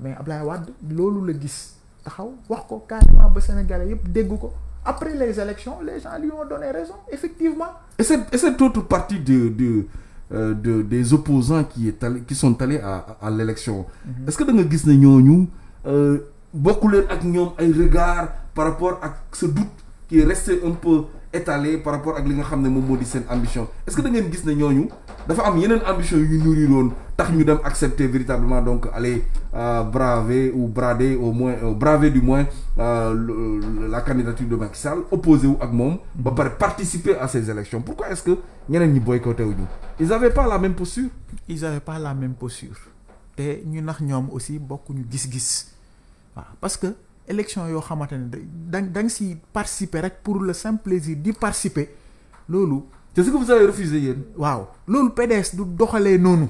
mais Ablaye Wade loolu la gis taxaw wax ko carrément ba Sénégalais yëpp dégg ko. Après les élections, les gens lui ont donné raison, effectivement. Et cette autre partie euh, de, des opposants qui, est qui sont allés à, l'élection, mhm. est-ce que vous avez vu beaucoup un regard par rapport à ce doute qui est resté un peu étalé par rapport à ce que ambition Est-ce que vous avez vu dafa am yeneen ambition yu nourrir tax ñu dem accepter véritablement donc aller euh, braver ou brader au moins euh, braver du moins euh, la candidature de Macky Sall opposé ou ak pour participer à ces élections pourquoi est-ce que ñeneen ñi boycotté wu ils avaient pas la même posture ils avaient pas la même posture Et ñu nax aussi ñu gis-gis parce que élection yo xamante si participer rek pour le simple plaisir d'y participer lolu c'est ce que vous avez refusé waaw PDS du non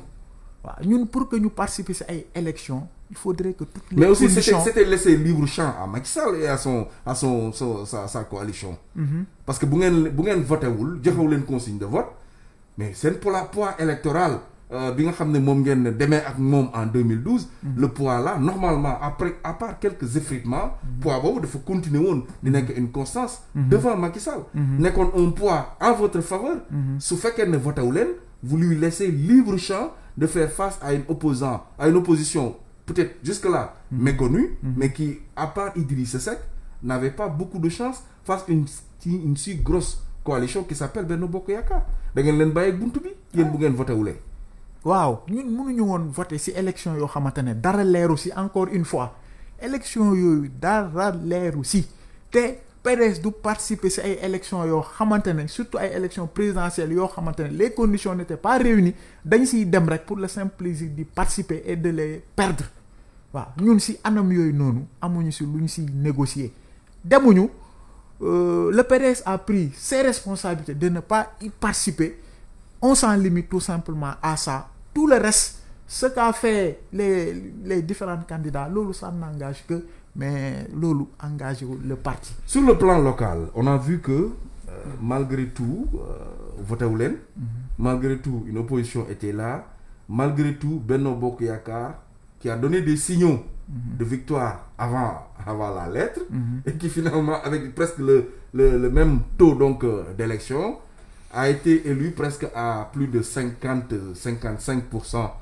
pour que nous participions à l'élection il faudrait que toutes les. mais aussi c'était laisser libre champ à Maxal et à sa coalition. Mhm. parce que vous vous votez ngeen voté wul leen consigne de vote mais c'est pour la poids électorale euh, bi nga xam ne en 2012. Mm-hmm. le poids là normalement après à part quelques effritements. Mm-hmm. poids faut continuer à di mm-hmm. une constance. devant Macky Sall. nekkoon un poids en votre faveur. fait qu'elle ne vote à vous lui laissez libre champ de faire face à une opposant à une opposition peut-être jusque-là méconnue. mais qui à part Idrissa sec n'avait pas beaucoup de chance face à une une si grosse coalition qui s'appelle Benno Bokoyaka, buntu waaw ñun mënuñu woon voter ci élection yoo xamante dara encore une fois élection yooyu dara leeru ci te PDS du participer ci ay élection yoo surtout ay élection présidentielle, yoo xamante les conditions n'étaient pas réunies dañ ciy dem rek pour le simple plaisir de participer et de les perdre waaw ñun si anam yooyu noonu amuñu ci luñ ñu négocier demuñu euh, le PDS a pris ses responsabilités de ne pas y participer on s'en limite tout simplement à ça. Tout le reste, ce qu'a fait les, différents candidats, Lolo, s'en engage que, mais Lolo engage le parti. Sur le plan local, on a vu que, euh, malgré tout, euh, mhm. malgré tout, une opposition était là, malgré tout, Benno Bokyakar, qui a donné des signaux mhm. de victoire avant, la lettre, mhm. et qui finalement, avec presque le, même taux donc euh, d'élection, a été élu presque à plus de 50 55%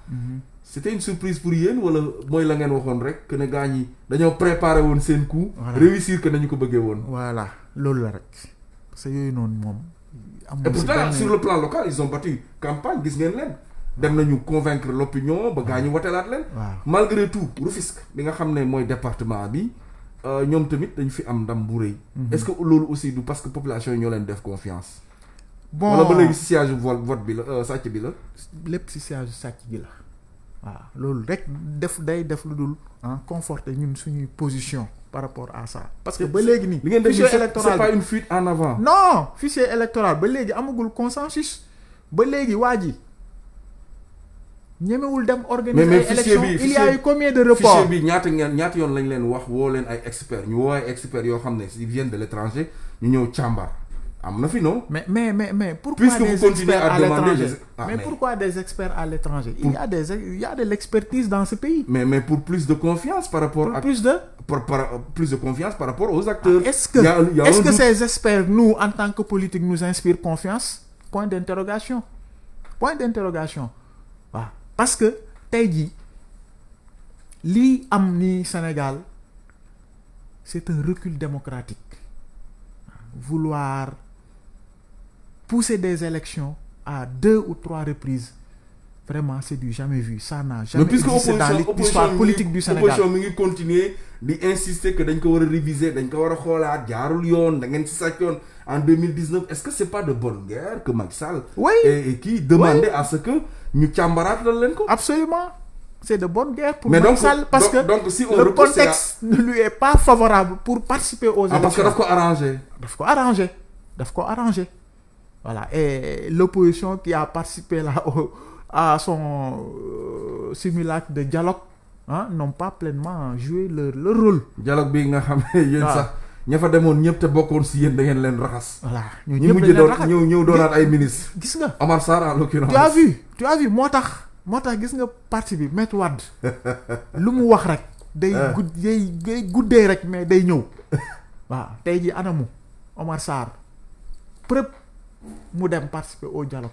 mhm. c'était une surprise pour rien wala moy la ngène waxone rek que ne gaañ daño préparer préparé woon coup réussir que nous ko bëggé voilà lolu la rek parce que et pourtant sur le plan local ils ont battu campagne gis ngène leen dem nañu convaincre l'opinion ba gaañu watelaat malgré tout Rufisque bi nga xamné moy département bi euh, ñom tamit dañ fi am ndam bu mhm. est-ce que lolu aussi du parce que population a ñoo def confiance bon wala ba léegi siège vote bi la euh, sàcc bi la. lépp si siège sàcc bi la waaw loolu rek def day def lu dul ah conforter ñun suñu position par rapport à ça. parce que ba léegi nii. li ngeen def fichier électoral c'est pas une fuite en avant. non fichier électoral ba léegi amagul consensus ba léegi waa ji ñemewul dem organiser élection il y a eu combien de reports fichier bi ñaata ngeen ñaata yoon lañ leen wax woo leen ay experts ñu woo ay experts yoo xam ne ils viennent de l'étranger ñu ñëw càmbar mais mais pourquoi. des experts à, l'étranger ah, mais, pourquoi des experts à l'étranger. il y a il y a de l'expertise dans ce pays. mais mais pour plus de confiance par rapport. à plus de. plus de confiance par rapport aux acteurs. Ah, est-ce que ces experts nous en tant que politiques, nous inspirent confiance. point d'interrogation point d'interrogation parce que t'as dit, Amni Sénégal c'est un recul démocratique vouloir pousser des élections à deux ou trois reprises vraiment c'est du jamais vu ça n'a jamais été dans l'histoire politique du Sénégal Mais puisque continue continuer d'insister que dañ ko a réviser dañ ko regarder, a xoolaat regarder, yoon da en 2019 est-ce que ce n'est pas de bonne guerre que Macky Sall oui et qui demandait à ce que nous càmbaraat absolument c'est de bonne guerre pour Macky Sall parce que le contexte ne lui est pas favorable pour participer aux élections ah parce qu'il faut arranger. Il faut arranger. Il faut arranger. Voilà. Et l'opposition qui a participé là au, à son euh, simulacre de dialogue hein, n'ont pas pleinement joué leur, le rôle. Dialogue bi nga xam ne yéen sax ña fa demoon ñëpp te bokkoon si yéen da ngeen leen raxas. voilà ñu mujj doon ñëw ñëw doonaat ay ministre gis nga Omar Sarr en l'occurrence. tu as vu tu as vu moo tax moo tax gis nga parti bi Maître Wade lu mu wax rek. day ah. gudd day day rek mais day ñëw. waaw tey ji Anamou. Omar Sarr Prep modem dem participer au dialogue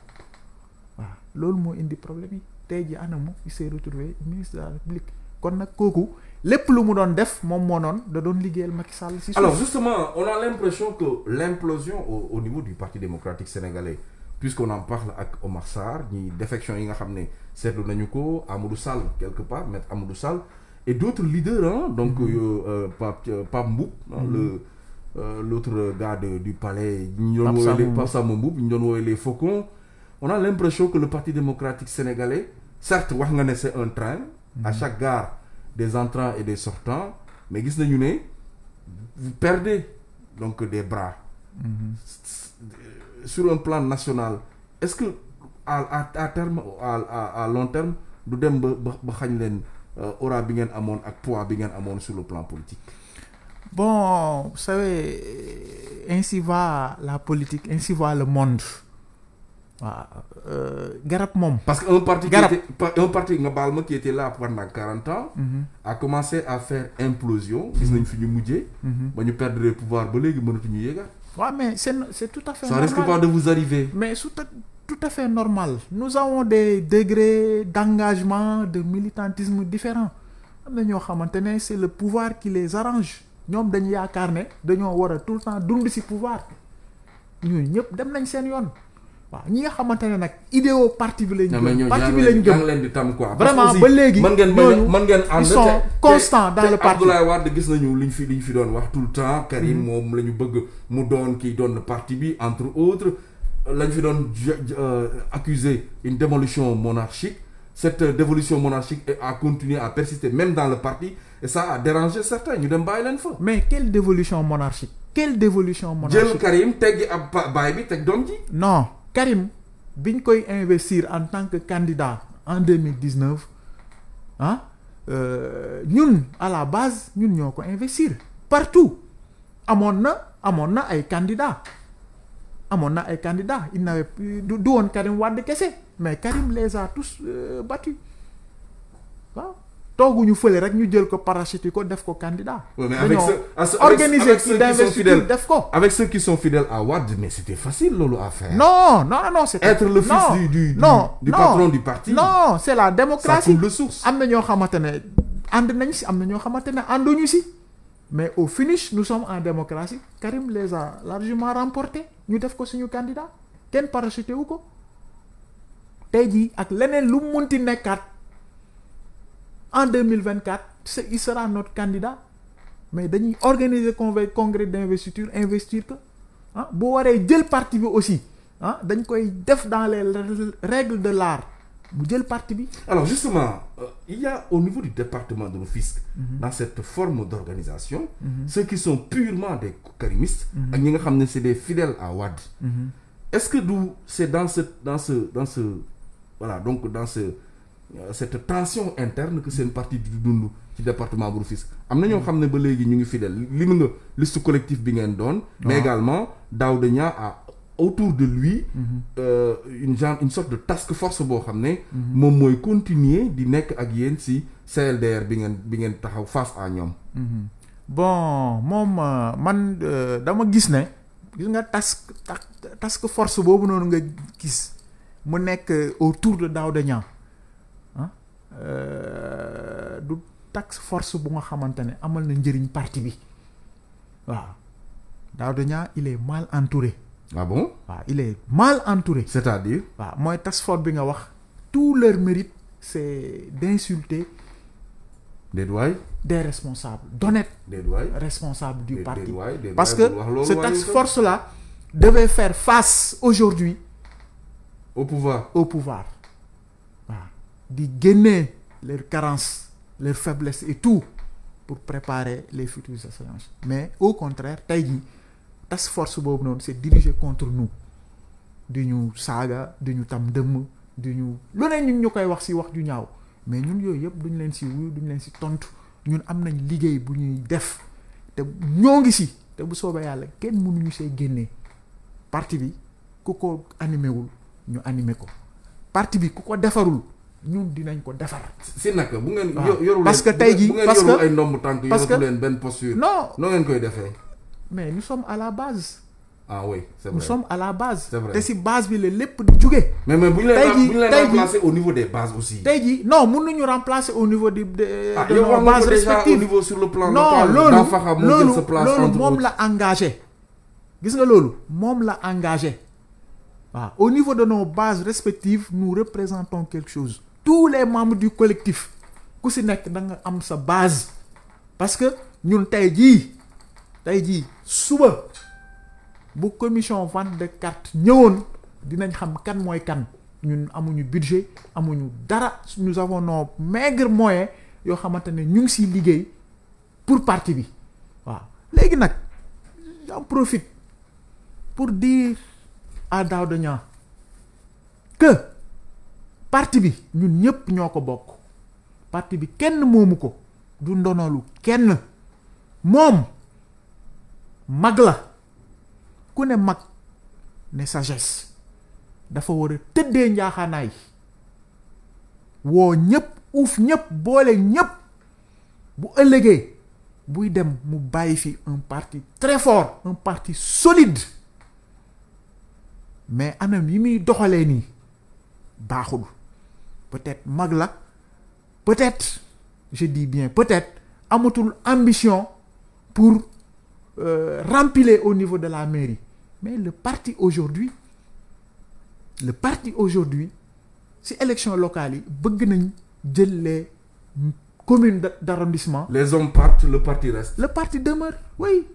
waaw loolu moo indi problème yi tey ji ana mu il s'est retrouvé ministre de la république kon nag kooku lépp lu mu doon def moom moo noon da doon liggéeyal Macky Sall si alors justement on a l'impression que l'implosion au, niveau du parti démocratique sénégalais puisqu'on en parle avec Omar Sarr, ni défection yi nga xamné sétlu nañu ko Amadou Sall quelque part mais Amadou Sall et d'autres leaders hein, donc mm -hmm. euh, euh, Pape, euh, Pape Mboup, hein, mm-hmm. le euh, l'autre gars du palais, les on a l'impression que le Parti démocratique sénégalais, certes, c'est un train, à mhm. chaque gare, des entrants et des sortants, mais vous perdez donc des bras. Mhm. Sur un plan national, est-ce que à, à, terme, à, long terme, nous devons euh, aura bien amour, poids sur le plan politique Bon, vous savez, ainsi va la politique, ainsi va le monde. Voilà. Euh, Mom. Parce qu'un parti, Qui était, parti qui était là pendant 40 ans mhm. a commencé à faire implosion. Ils ont fini mouillé. Ils ont le pouvoir. Ouais, mais c'est tout à fait Ça normal. risque pas de vous arriver. Mais c'est tout à fait normal. Nous avons des degrés d'engagement, de militantisme différents. C'est le pouvoir qui les arrange ñoom dañu yaakaar ne dañoo tout le temps dund ci pouvoir ñun ñëpp dem nañ seen yoon ñi idéo parti parti quoi dans le parti nañu liñ fi doon tout temps Karim parti bi entre autres lañ euh, une démolition monarchique cette euh, dévolution monarchique a continué à persister même dans le parti et ça a dérangé certains ñu dem mais quelle dévolution monarchique. quelle dévolution monarchique Non. Karim non Karim biñ investir en tant que candidat en 2019 à ah, euh, à la base ñun a pas investir partout amon na un candidat ay candidats candidat na candidats il n'avait d'où on Karim de kese mais Karim les a tous euh, battus ñu feulé rek ñu jël ko parachuter ko def ko candidat. mais avec ah, ceux organiser avec ceux qui sont fidèles à Wade mais c'était facile loolu à faire. non non non c'était être le fils du du du patron du parti. non c'est la démocratie ça de source. am na ñoo xamante nañ si amna na ñoo si mais au finish nous sommes en démocratie Karim les a largement remporté ñu def ko suñu candidat ken parachuter wu ko tey ak leneen lu mu munti en 2024 il sera notre candidat mais dañuy organiser congrès congrès d'investiture investir que ah parti aussi ah dañ koy dans les règles de l'art le parti alors justement euh, il y a au niveau du département de l'office, mhm. dans cette forme d'organisation mhm. ceux qui sont purement des karimistes mhm. ak c'est des fidèles à WAD. est-ce que c'est dans ce dans ce dans ce voilà donc dans ce euh, cette tension interne que une partie du dund ci département bu Rufisque am na ñoo xam ba légui ñu ngi fidèle li nga liste collectif bi ngeen doon mais ah. également Daouda Niang a autour de lui mhm. euh, une genre une sorte de task force bo xamné mom mhm. moy continuer di nekk ak yéen si CLDR bi ngeen bi ngeen taxaw face à ñom. Mhm. bon mom euh, man dama gis ne gis nga task task force bobu noonu nga gis mu nekk autour de Daouda Niang euh, du taxe force bu nga en amal na parti bi waaw il est mal entouré. ah bon il est mal entouré. c'est-à-dire. Moi, mooy force bi nga wax tout leur mérite c'est d'insulter. des des responsables d'honnêtes. des responsables du parti. parce que cette taxe force là devait faire face aujourd'hui au pouvoir au pouvoir di génne leurs carences leurs faiblesses et tout pour préparer les futures échéances mais au contraire tey ta force boobu noonu c'est dirigé contre nous de ñu s'aga, de ñu tam dëmm de ñu lu est ñun ñu koy wax ci wax ju ñaaw mais ñun yooyu yëpp duñ leen ci wuyu duñ leen tontu ñun am nañ liggéey bu ñuy def te ñoo ngi ci te bu soobee yàlla kenn mënuñu see génnee parti bi ku ko animé wul ñu animé ko parti bi ku ko defarul non mais nous sommes à la base. ah oui nous sommes à la base. c'est si base di mais mais au niveau des bases aussi. non nous nous remplacer au niveau de ah, de bases la engagé. au niveau de nos bases respectives nous représentons quelque chose tous les membres du collectif ku si nekk da nga am sa base parce que ñun tay ji tay ji suba bu commission vente de carte ñëwoon dinañ xam kan moy kan ñun amuñu budget amuñu dara nous avons nos maigres moyens yo xamante nous ñu ngi ci pour parti bi waaw légui nak j'en profite pour dire à d'autres gens que parti bi ñun ñëpp ñoo ko parti bi kenn moomu ko du lu kenn moom magla, la ku ne mag ne sagesse dafa war a tëddee njaaxaanaay woo ñëpp uuf ñëpp boole ñëpp bu ëllëgee buy dem mu bàyyi fi un parti très fort un parti solide mais anam yi muy doxalee nii baaxul peut-être Magla, peut-être je dis bien peut-être moto ambition pour euh, remplir au niveau de la mairie mais le parti aujourd'hui le parti aujourd'hui c'est élection locale yi de les communes d'arrondissement les hommes partent le parti reste le parti demeure oui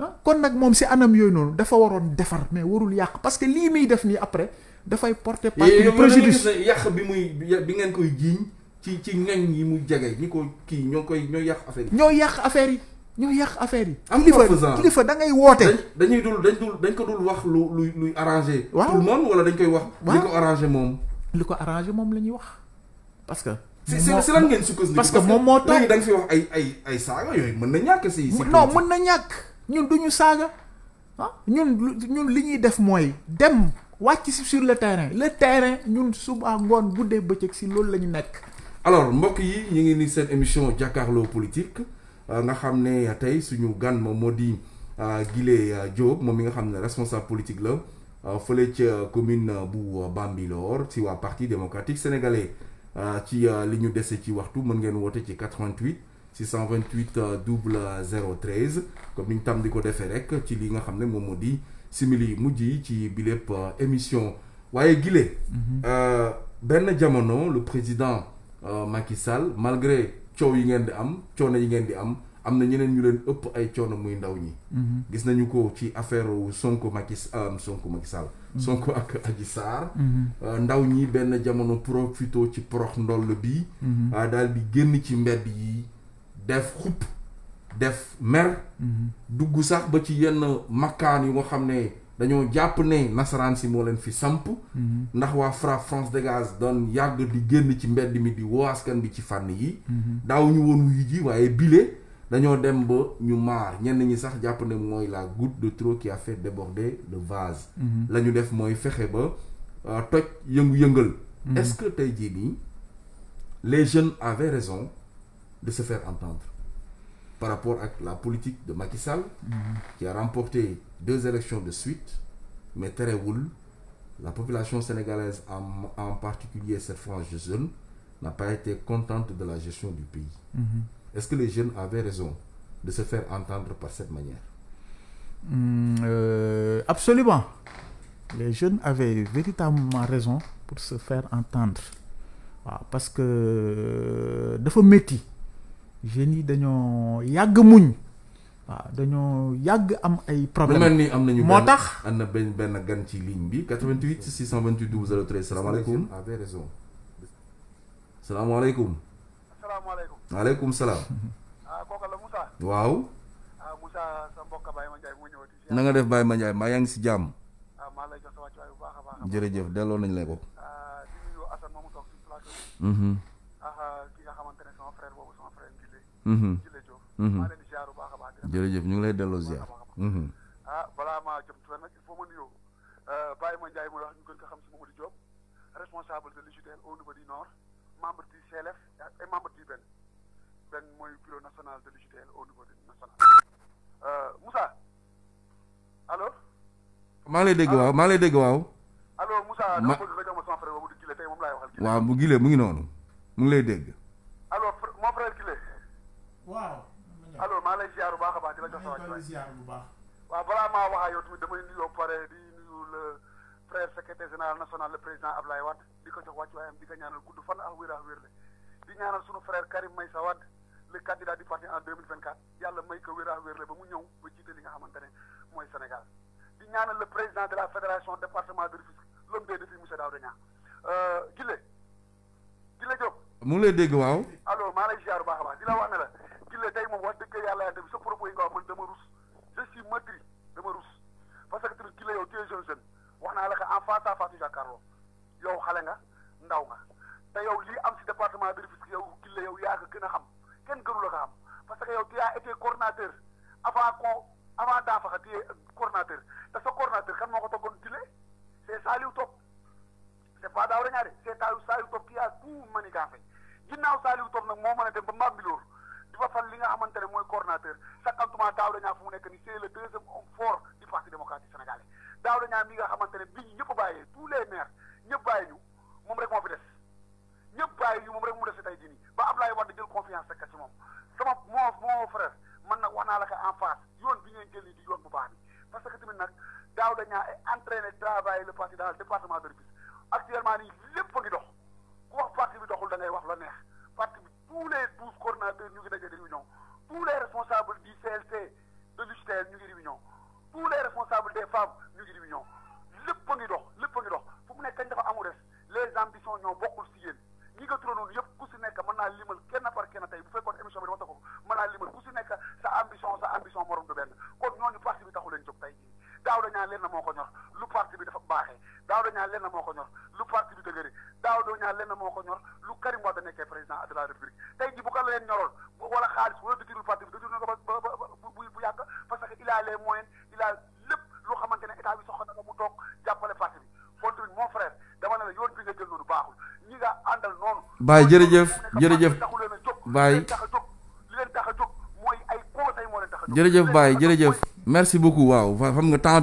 ah, kon nag mom si anam dafa mais parce que l'immédiat est après dafay porter partie préjudice yàq bi muy bi ngeen koy jiiñ ci ci ngañ yi mu jege ñi ko kii ñoo koy ñoo yàq affaire yi. ñoo yàq affaire yi ñoo yàq affaire yi. am kilifa kilifa da ngay woote. dañuy dul dañ dul dañ ko dul wax lu luy luy arrangé. waaw tout le wala dañ koy wax. li ko arrangé moom. li ko arrangé moom la ñuy wax parce que. si si si lan ngeen sukkandiku. parce que moom moo tax nga fi wax ay ay ay saaga yooyu mën na ñàkk si. si non mën na ñàkk ñun du ñu saaga ah ñun ñun li ñuy def mooy dem. wàcc si sur le terrain le terrain ñun suba ngoon guddee bëccëg si loolu la ñu nekk. alors mbokk yi ñu ngi ni seen émission jàkkaarloo politique euh, nga xam ne euh, tey suñu gan moom moo di euh, Guilé Diop moom mi nga xam ne responsable politique la fële ca commune bu Bambilor ci waa parti démocratique sénégalais ci li ñu dese ci waxtu mën ngeen woote ci 88 628 double 013, comme ni ñu tam di ko defee rek ci li nga xam ne moom moo di. simili mujj yi ci bi lépp euh, émission waaye gilee mhm. euh, benn jamono lu président euh, Macky Sall malgré coow yi ngeen di am coono yi ngeen di am am na ñeneen ñu leen ëpp ay coono muy ndaw ñi mhm. gis nañu ko ci affaire Sonko Macky Sonko Macky Sall mhm. Sonko ak Adji ndaw ñi benn jamono profito ci porox ndoll bi daal di génn ci mbedd yi def xupp def mer. Mhm. dugg sax ba ci yenn makkaan yu nga ne dañoo jàpp ne nasaraan si moo leen mhm. ndax France gaz doon yàgg di génn ci mbedd mi di woo askan bi ci fànn yi. Mhm. daawuñu woon wuyu ji waaye bile dañoo dem ba ñu ñi la goutte de trop qui a fait déborder le vase. la ñu def mooy fexe ba euh, toj yëngu est-ce que tey les jeunes avaient raison de se faire entendre rapport à la politique de Macky Sall, mhm. qui a remporté deux élections de suite, mais très roule. La population sénégalaise, en, particulier cette frange jeune, n'a pas été contente de la gestion du pays. Mhm. Est-ce que les jeunes avaient raison de se faire entendre par cette manière mm, euh, Absolument. Les jeunes avaient véritablement raison pour se faire entendre. parce que euh, de métiers. jeunes yi dañoo yàgg muñ waaw dañoo yàgg am ay problème mel ni am nañu moo tax am na benn benn gan ci ligne bi 88 628 0013 salaamaaleykum avait raison salaamaaleykum salaamaaleykum maaleykum salaam ah kooka la Moussa waaw ah Moussa sa na nga def yaa ngi si jàmm ah lay jox bu jërëjëf delloo nañ lay ko ah di nuyu plateau Mm-hmm. Mm-hmm. jërëjëf ñu ngi lay delloo ziar. Mm-hmm. Ah, euh, ñu gën ko xam si Mamadou Diop responsable de membre du CLF et membre du benn mooy bureau national de l'UJTL au niveau euh, maa ngi lay dégg waaw maa ngi lay dégg waaw. allo Moussa. ma waaw bu Gile mu ngi noonu mu ngi lay dégg. waaw. allo maa lay ziar bu baax a baax di la jox sa wàccuwaay ziar bu waaw balaa maa wax ak yow tamit damay nuyoo pare di nuyu le frère secrétaire général national le président Ablaye Wade di ko jox wàccuwaayam di ko ñaanal gudd fan ak wér ak wér la di ñaanal sunu frère Karim yàlla may ko wér ak wér la ba mu ñëw ba jiite li nga xamante ne mooy Sénégal di ñaanal le président de la fédération département de Rufisque l'homme des défis monsieur Daouda Niang euh, Gile Gile mu ngi lay dégg waaw. allo maa lay ziar a ne tey moom wax dëgg yàlla yàlla tamit sa propos yi nga wax man dama rus je suis meurtri dama rus parce que tamit kii la yow tu es jeune jeune wax naa la que en face à face ñu jàkkaarloo yow xale nga ndaw nga te yow lii am si département de Rufisque yow kii la yow yaa ko gën a xam kenn gënu la ko xam parce que yow tu as été coordonnateur avant qu'on avant daa faxa tu es coordonnateur te sa coordonnateur kan moo ko toggoon Dile c' est Saliou Top c' est pas Daouda Niang de c' est Saliou Saliou Top qui a tout manigancé ginnaaw Saliou Top nag moo mën a dem ba Mbambilor di fa fal li nga xamante ne mooy coordonnateur saqantuma daaw dañaa fu mu nekk ni c'est le deuxième homme fort du parti démocratique sénégalais daaw dañaa mi nga xamante bi ñu ñëpp bàyyee tous les maires ñëpp bàyyi ñu moom rek moo fi des ñëpp bàyyi ñu moom rek mu des tey jii nii ba Abdoulaye Wade jël confiance rek ci moom sama moo wax naa la ko en face yoon bi ngeen jël nii di yoon bu baax ni parce que tamit nag daaw dañaa entraîné travailler le parti dans le département de Rufisque actuellement nii lépp a ngi dox ku wax parti tous les douze coordonnateurs ñu ngi daje réunion tous les responsables du CLT, de l'UCTL ñu ngi réunion tous les responsables des femmes ñu ngi réunion lépp a ngi dox lépp a ngi dox fu mu nekk kañ dafa amu des les ambitions ñoo bokkul si yéen ñi nga turonoonu yëpp ku si nekk mën naa limal kenn par kenn tay bu fekkoon émission bi dama taxo mën naa limal ku si nekk sa ambition sa ambition morom du benn kon ñooñu parti bi taxu leen jóg tay jii dañ na leen na moo ko ñor lu parti bi dafa baaxee Daouda Niang lenn moo ko ñor lu parti bi dëgëri Daouda Niang lenn moo ko ñor lu Karim Wade nekkee président de la République tey jii bu leen ñoroon wala xaalis wala dëgërul parti bi dëgër na ba ba bu bu yàgg parce que il a les moyens il a lépp loo xamante ne état bi soxla na ko mu toog jàppale parti bi fonte bi mon frère dama ne yoon bi nga jël noonu baaxul ñi nga àndal noonu. Baye jërëjëf jërëjëf Baye jërëjëf merci beaucoup waaw xam nga temps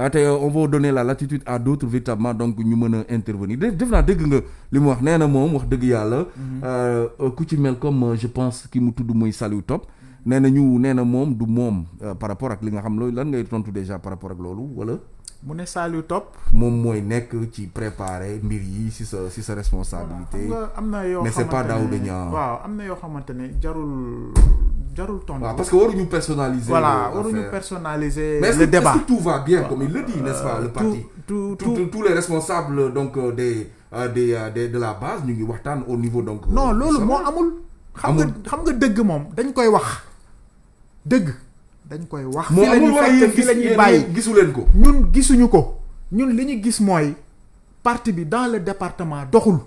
Ah, on va donner la latitude à d'autres véritablement donc ñu mën intervenir def naa dégg nga li mu wax néna mom moom wax dëgg mhm. euh, euh ku ci mel comme euh, je pense ki mu tuddu moy Saliou Top. Mhm. néna ñu néna mom du mom euh, par rapport ak li nga xam lan ngay tontu déjà par rapport ak lolu wala mu ne Top. moom mooy nekk ci préparer mbir yi si sa si sa responsabilité. am na yoo xamante ne mais c'est pas Daouda Niang. waaw am na yoo xamante ne jarul jarul tontu. waaw parce que waruñu personnaliser. voilà waruñu personnaliser. le débat mais est-ce que tout va bien comme il le dit n'est-ce pas le parti. tout tout tous les responsables donc euh, des euh, des euh, des de la base ñu ngi waxtaan au niveau donc. non loolu moo amul. xam nga xam nga dëgg moom dañ koy wax dëgg dañ koy wax. fi la ñu fekk fi la ñuy bàyyi ko. ñun gisuñu ko ñun liñu ñu gis mooy parti bi dans le département doxul.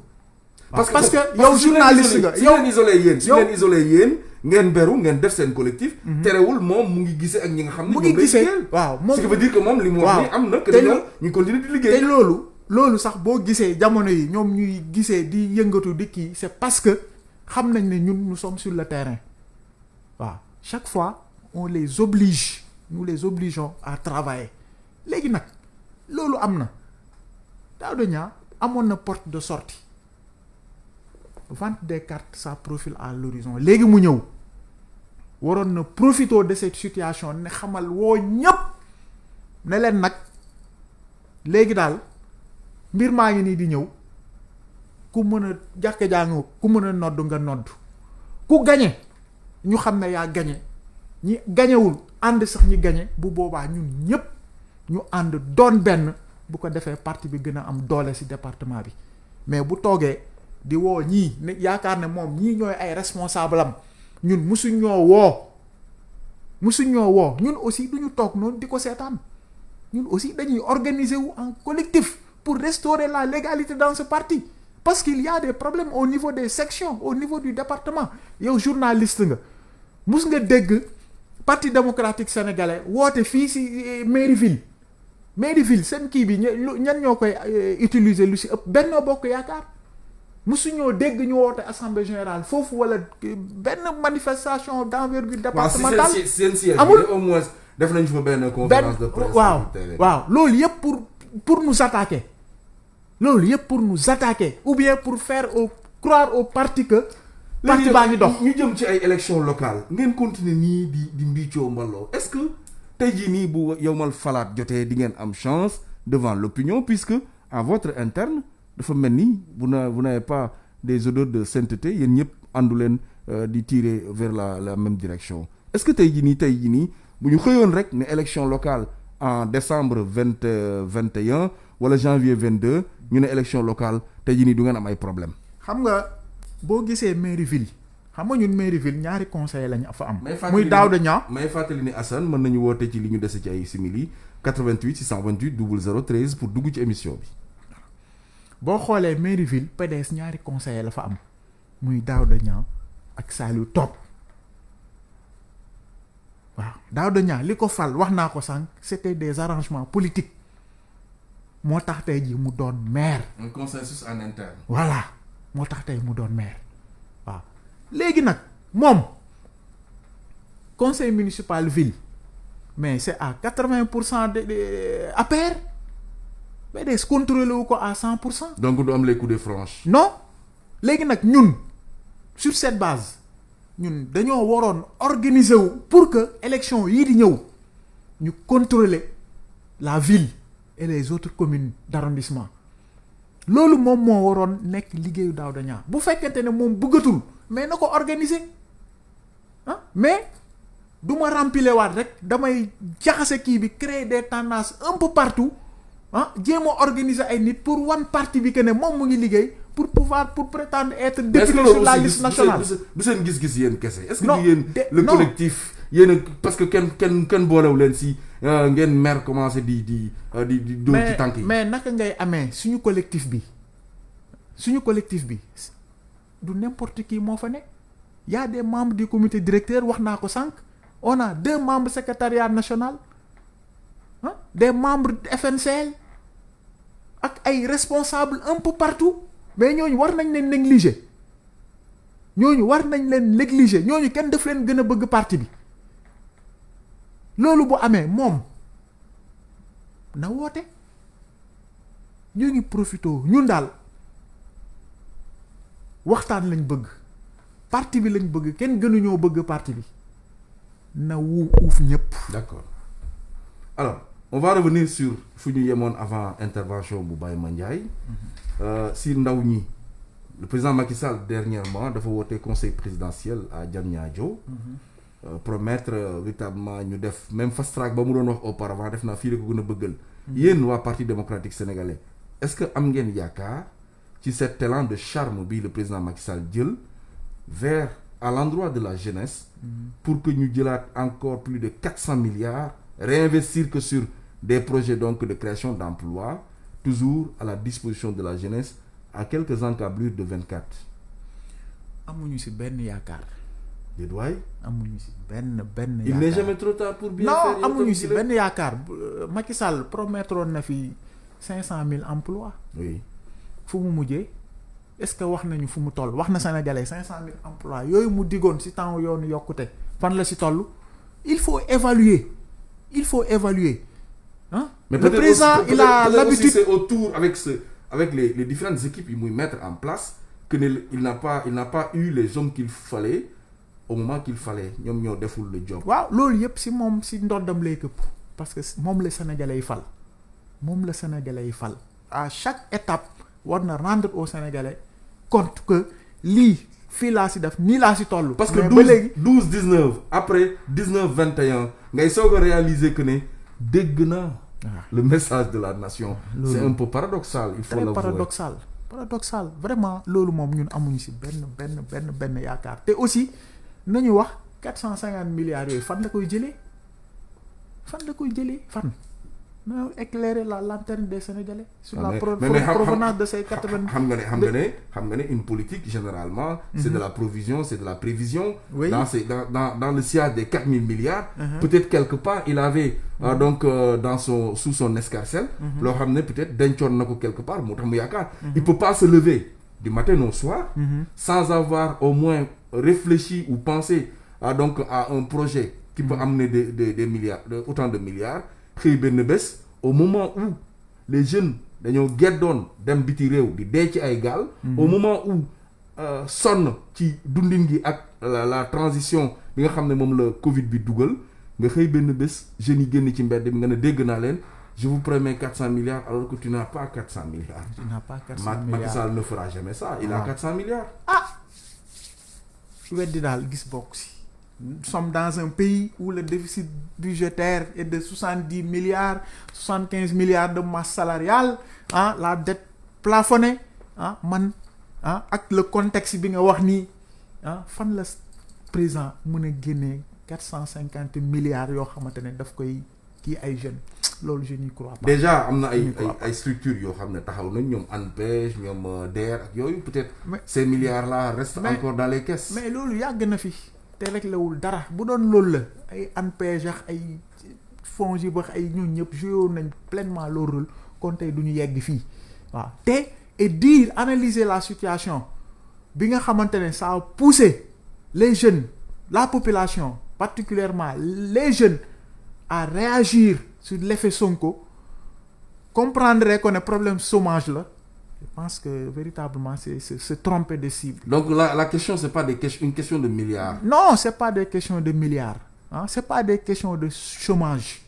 parce parce que yow journaliste nga yow si leen isolé yéen si leen isolé yéen ngeen beru ngeen def sen collectif. Mhm. téréwul mom mu ngi gisee ak ñi nga xam mu ngi gisee waaw mo ce qui veut dire que mom li mu wax am na. te ñu ñu continuer di liggéey. té lolu lolu sax bo gisee jamono yi ñom ñuy gisee di yëngatu di ki c'est parce que xam nañ ne ñun nous sommes sur le terrain waaw chaque fois on les oblige nous les obligeons à travailler léegi nag loolu am na Daouda Niang porte de sortie vente des cartes ça profile à l'horizon léegi mu ñëw waroon profite de cette situation ne xamal woo ñëpp ne leen nag léegi daal mbir ma ngi ni di ñew ku mën a jàkka ku mën a nodd nga nodd ku gañe ñu xam ne yaa ñi gañewul and sax ñi gagné, bu boba ñun ñëpp ñu and doon ben bu ko défé parti bi gëna am doole ci département bi mais bu togué di wo ñi ne yaakaar ne moom ñii ay responsable am ñun musu ñoo wo musu ñoo wo ñun aussi nous tok toog diko sétane ñun aussi dañuy organiser wu en collectif pour restaurer la légalité dans ce parti parce qu'il y a des problèmes au niveau des sections au niveau du département yow journaliste nga mus nga dégg parti démocratique sénégalais woote fii si eh, mairie ville mairie ville sen kii bi ñan ñoo eh, utiliser lu ci ëpp Benno Bokk musu musuñoo dégg ñu woote assemblée générale fofu wala eh, benn manifestation d'envergure départementale amul au moins def nañ fa benn conférence de presse waaw waaw loolu yëpp pour pour nous attaquer loolu yëpp pour nous attaquer ou bien pour faire croire au parti que parti baa ngi dox ñu jëm ci ay élections locales ngeen continuer nii di di mbiicoo mbaloo est-ce que tey jii nii bu yowmal falaat jotee di ngeen am chance devant l'opinion puisque à votre interne dafa mel ni vous na vous n'avez pas des odeurs de sainteté yéen ñëpp àndu leen euh, di tirer vers la la même direction est-ce que tey jii nii tey jii nii bu ñu xëyoon rek ne élection locale en décembre 2021 euh, vingt et wala janvier vingt deux ñu ne élection locale tey jii nii du ngeen am ay problème xam nga bo gisee mairie ville xam nga ñun mairie ville ñaari conseil lañ fa am. muy daw de ñaaw may fàttali ni Assane mën nañu woote ci li ñu dese ci ay simili 88 628 00 13 pour dugg ci émission bi. bo xolé mairie ville PDS ñaari conseil la fa am muy daw de ñaaw ak Saliou Top waaw daw de ñaaw liko fal wax naa ko sank c'était des arrangements politiques moo tax tey jii mu doon maire. un consensus en interne. voilà moo tax tey mu doon maire waaw léegi nag moom conseil municipal ville mais c'est à 80% à pour mais de APR à 100% donc du am les coups de franche non léegi nag ñun sur cette base nous devons organiser pour que élection yii di ñëw ñu contrôler la ville et les autres communes d'arrondissement loolu moom moo waroon nekk liggéeyu daaw dañaa bu fekkente ne moom bëggatul mais na ko organiser ah mais du ma rempiler waat rek damay jaxase kii bi créer des tendances un peu partout ah jéem organiser ay nit pour wan parti bi que ne moom mu ngi liggéey pour pouvoir pour prétendre être député sur la liste nationale du seen gis-gis yéen kese est-ce que yéen le collectif yéen parce que kenn kenn kenn boolewu leen si ah, ngeen mer commencé di di euh, di di do ci tànk yi mais naka ngay amé suñu collectif bi suñu collectif bi du n'importe qui mo fa nekk y a des membres du comité directeur waxna ko 5 on a deux membres secrétariat national hein des membres FNCL ak ay responsables un peu partout mais ñooñu war nañ leen négliger ñooñu war nañ leen négliger ñoñu kenn def leen gëna bëgg parti bi loolu bu amee moom na woote ñu ngi profito ñun daal waxtaan lañ bëgg parti bi lañ bëgg kenn gënuñoo bëgg parti bi na wu uuf ñëpp. d'accord alors on va revenir sur fu ñu yemoon avant intervention bu Baye Mandiaye mhm. euh, si ndaw ñi le président Macky Sall dernièrement dafa woote conseil présidentiel à Diamniadio. Mhm. Euh, promettre euh, véritablement même fast track ba mu doon wax auparavant def naa a bëggal. Hmm. parti démocratique sénégalais est-ce que am ngeen yaakaar ci cet de charme bi le président Macky Sall vers à l'endroit de la jeunesse. Hmm. pour que ñu jëlaat encore plus de 400 milliards. réinvestir que sur des projets donc de création d'emplois toujours à la disposition de la jeunesse à quelques encablures de 24 il n'est jamais trop tard pour bien faire non amuñu si ben yakar. Euh, Macky Sall promettra na fi cinq cent mille emplois. oui vous mu est-ce que wax nañu fu mu toll wax na Sénégalais cinq cent mille emplois Yo mou diggoon si temps yoonu côté fan la si il faut évaluer il faut évaluer ah. mais le président il a l'habitude c'est autour avec ce avec les les différentes équipes il veut mettre en place que il n'a pas il n'a pas eu les hommes qu'il fallait au moment qu'il fallait ñom ñoo deful le job. waaw loolu si si parce que Sénégalais fal Sénégalais à chaque étape on rendre au Sénégalais compte que si parce que 12 19 après 19 21 ngay soog réaliser que ah. le message de la nation. Ah, c'est un peu paradoxal il faut paradoxal paradoxal vraiment. loolu moom ñun si aussi nañu wax 450 milliards yooyu fan la koy jëlee fan la koy fan. na éclairer la lanterne des Sénégalais. sur ah, la provenance de ces quatre milliards. xam nga ne nga nga une politique généralement. Mhm. c'est de la provision c'est de la prévision. dans ces dans dans le sillage des 4000 milliards. Uh-huh. peut-être quelque part il avait. Euh, mhm. donc euh, dans son sous son escarcelle. Mhm. lo xam ne peut-être nako quelque part motax mu il peut pas se lever du matin au soir. sans avoir au moins réfléchir ou penser à, donc, à un projet qui peut mm-hmm. amener des, des, des milliards, de, autant de milliards, au moment où les jeunes dañoo geddoon dem biti réew di dee ay mm-hmm. au moment où euh, sonne qui dundin gi ak la transition bi nga xam mom le Covid bi dougal nga xëy benn bés jeunes yi génn ci mbedd bi nga ne dégg na je vous promets 400 milliards alors que tu n'as pas 400 milliards. tu n'as pas 400 milliards Macky Sall ne fera jamais ça il a 400 ah. milliards. ah nous sommes dans un pays où le déficit budgétaire est de 70 milliards 75 milliards de masse salariale ah, la dette plafonnée hein, le contexte bi nga wax ni, fan milliards yo, qui ay jeunes loolu je n'y crois pas. déjà il y ay ay structures yoo xam ne taxaw nañ ñoom ANPEJ ñoom euh, DER ak yooyu peut-être. ces milliards là restent encore dans les caisses. mais loolu yàgg na fi te réglé wul dara bu doon loolu la ay ANPEJ ak ay fonds yi wax ay ñun ñëpp joué nañ pleinement leur rôle quand tey du ñu yegg fii et dire analyser la situation bi nga xamante ça a poussé les jeunes la population particulièrement les jeunes à réagir sur l'effet Sonko comprendrait qu'on a problème chômage là je pense que véritablement c'est se tromper de cibles Donc la, la question c'est pas des questions une question de milliards. Non c'est pas des questions de milliards hein. c'est pas des questions de chômage.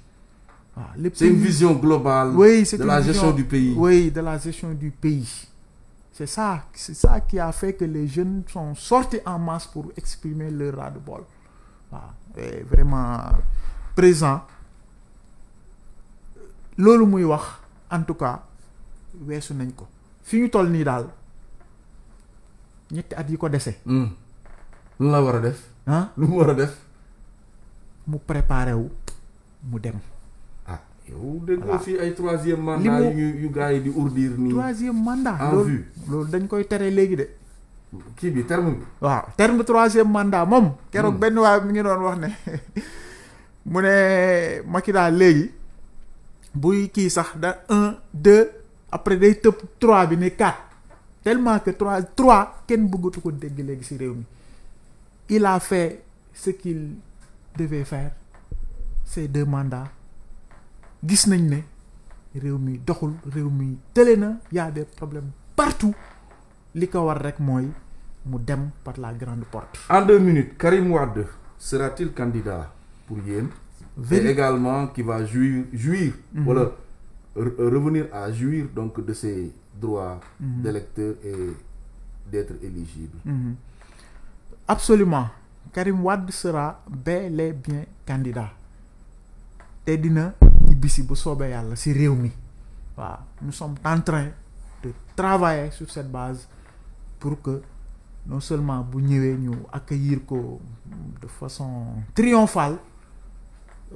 Ah, c'est une vision globale oui, de la gestion du pays. Oui, de la gestion du pays. C'est ça, c'est ça qui a fait que les jeunes sont sortis en masse pour exprimer leur ras-de-bol. Ah, vraiment, présent lolu muy wax en tout cas wessu nañ ko fiñu toll ni dal ñetti at yi ko déssé hmm la wara def. han lu wara def. mu préparé wu mu dem. ah yow dégg nga fii ay troisième mandat yu yu gaay di ourdir nii. troisième mandat lolu lolu dañ koy téré légui dé ki bi terme bi. waaw terme troisième mandat mom kérok hmm. benn waay mi ngi doon wax né mu ne Macky daal léegi buy kii sax da un deux après day tëb trois bi ne quatre tellement que trois trois kenn bëggatu ko dégg léegi ci réew mi il a fait ce qu'il devait faire ces deux mandats gis nañ ne réew mi doxul réew mi tële na y a des problèmes partout li ko war rek mooy mu dem par la grande porte. en deux minutes Karim Wade sera-t-il candidat pour Yen. et également qui va jouir jouir. Mhm. voilà revenir à jouir donc de ses droits. Mhm. d'électeur et d'être éligible. Mhm. absolument Karim Wade sera bel et bien candidat Tedina, nous sommes en train de travailler sur cette base pour que non seulement bu nous accueillir de façon triomphale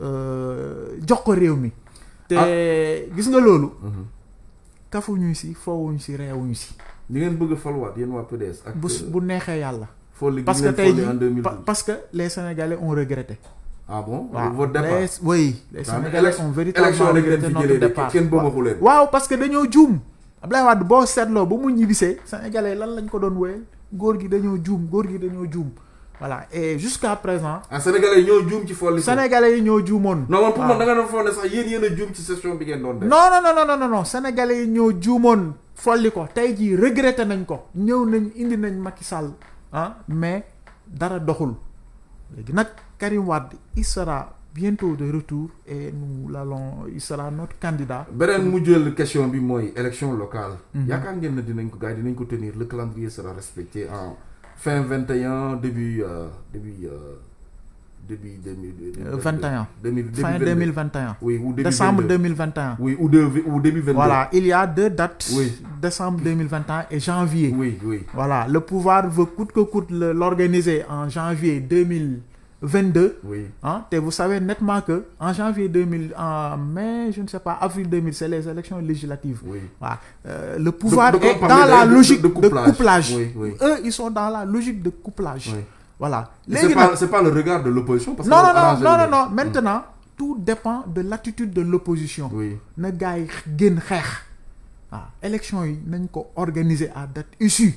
Euh, jox ko réew mi. te ah. gis nga loolu. Mhm. ñu si foowuñu si reewuñu si. li ngeen bëgg a faluwaat yéen waa PDS bu euh, neexee yàlla. parce que tey jii parce que les sénégalais ont regretté. ah bon votre départ les oui les sénégalais ont véritablement regretté notre départ waaw parce que dañoo juum. Abdoulaye Wade boo seetloo ba mu ñibbisee sénégalais lan lañ ko doon wéyal góor gi dañoo juum góor gi dañoo juum. voilà et jusqu'à présent. Les ah, sénégalais ñoo ci folli. sénégalais ñoo non pour man ah. da nga non sax yeen a ci session bi ngeen qui non non non non non non sénégalais ñoo juumoon folli ko tey regretté nañ ko. ñew nañ indi nañ Macky Sall hein mais dara doxul Karim Wade il sera bientôt de retour et nous l'allons il sera notre candidat. benen mu question bi moy élection locale. Mhm. dinañ ko ko tenir le calendrier sera respecté fin 21 début euh, début euh, début 2021 euh, fin 2021 oui ou début décembre 2021 oui ou, début voilà il y a deux dates oui. décembre 2021 et janvier oui oui voilà le pouvoir veut coûte que coûte l'organiser en janvier 2021. 22. Oui. et hein? vous savez nettement que en janvier 2000, en mai, je ne sais pas, avril 2000, c'est les élections législatives. Euh, le pouvoir est dans la logique de, couplage. Eux, ils sont dans la logique de couplage. Voilà. C'est pas, le regard de l'opposition Non, non, non, non, non, Maintenant, tout dépend de l'attitude de l'opposition. Oui. Ne Ah, élections à date issue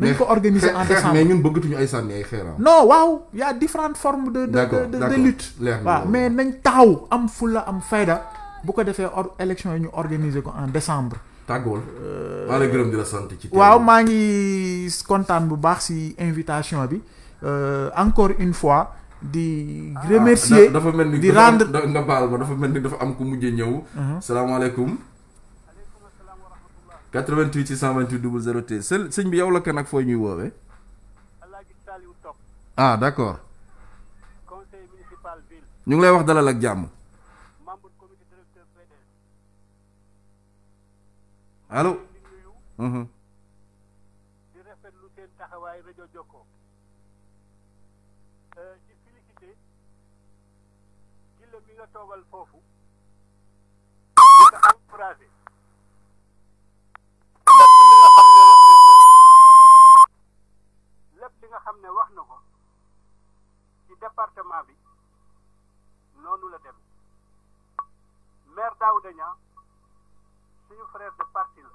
nañ ko organiser en décembre mais ñun bëggatuñu ay sànni ay xeer non waaw y a différentes formes de de de lutte waaw mais nañ taxaw am fulla am fayda bu ko defee or élection yi ñu organiser ko en décembre tàggool euh, maa lay gërëm di la sant ci waaw maa ngi kontaan bu baax si invitation bi euh, encore une fois di ah, remercier di rendre nga baal ma dafa mel ni dafa am ku mujj ñëw uh-huh. salaamaaleykum 88 628 00 T sëñ bi yow la kan ak fooy ñuy ah d' accord. conseil municipal ville. ñu ngi lay wax dalal ak jàmm. membre comité directeur PDS. allo. département bi noonu la dem maire Daouda Niang suñu frère de parti la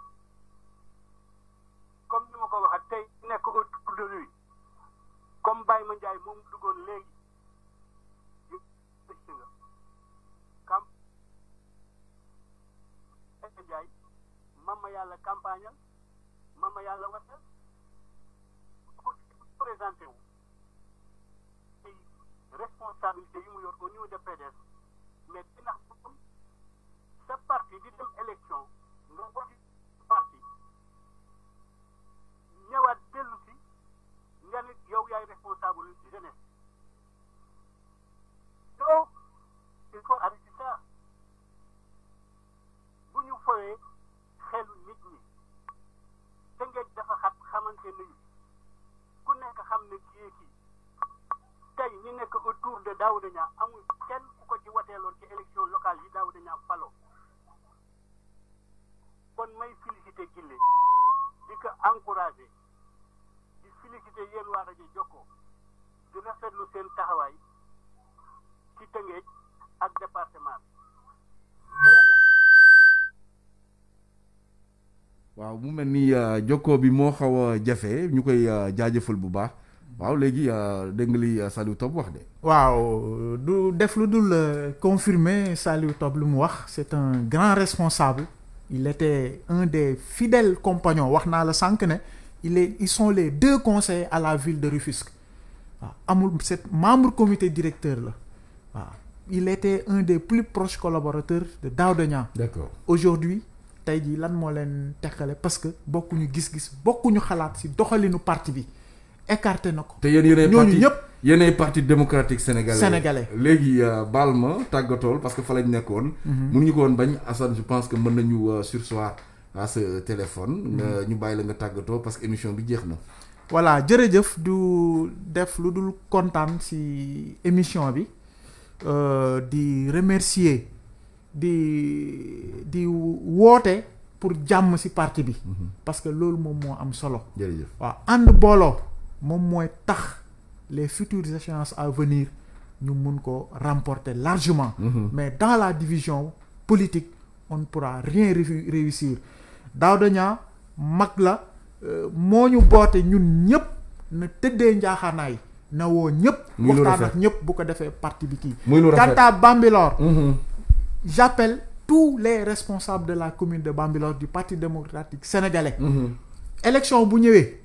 comme ni ma ko waxee tey nekk autour de lui comme Baye Mandiaye moom duggoon léegi gis nga kam Mandiaye mama yàlla campagnal mama yàlla watal pour présenté wu responsabilité yi mu yor au niveau de PDS mais dina am parti di dem élection nga woti parti ñëwaat dellu si nga nit yow yaay responsable ci jeunesse donc il faut arrêter bu ñu foyee xelu nit ñi te ngeen dafa xat xamante ne ku nekk xam ne kii kii tey ñu nekk autour de Daouda Niang amul kenn ku ko ci wateeloon ci élection locale yi Daouda Niang falo kon may félicité Gille di ko encouragé di félicité yéen waa rajo Jokkoo di rafetlu seen taxawaay ci Tëngéej ak département bi waaw mu mel ni euh, jokkoo bi moo xaw a jafe ñu koy euh, jaajëfal bu baax waaw léegi euh, dégg nga li euh, Saliou Top wax de. waaw du def lu dul euh, confirmer Saliou Top lu mu wax c'est un grand responsable. il était un des fidèles compagnons wax naa la sànq ne il est ils sont les deux conseillers à la ville de Rufisque waaw amul c'est membre comité directeur la waaw il était un des plus proches collaborateurs de Daouda d'accord aujourd'hui tey jii lan moo leen teqale parce que bokkuñu gis-gis bokkuñu xalaat ci doxalinu parti bi écarté nako ko. te yéen parti ñëpp yéenay parti démocratique sénégalais. sénégalais léegi euh, baal ma parce que fa lañ nekkoon. Mhm. ñu ko won bañ Assane je pense que mën nañu euh, sursoir à ce téléphone. Mhm. Euh, ñu bayila nga tagato parce que émission bi jeex voilà jërëjëf du def lu contane ci émission bi di remercier di di woté pour jàmm ci parti bi. Mhm. parce que lool mom mo am solo. jërëjëf wa and bolo tax les futures échéances à venir nous mun ko remporter largement. Mhm. mais dans la division politique on ne pourra rien réussir Daouda Niang mag la euh, moo ñu boote ñun ñëpp na tëddee njaaxaanaay na woo ñëpp. waxtaan bu ko parti bi quant à Bambilor. Mhm. j'appelle tous les responsables de la commune de Bambilor du parti démocratique sénégalais. Mhm. élection bu ñëwee.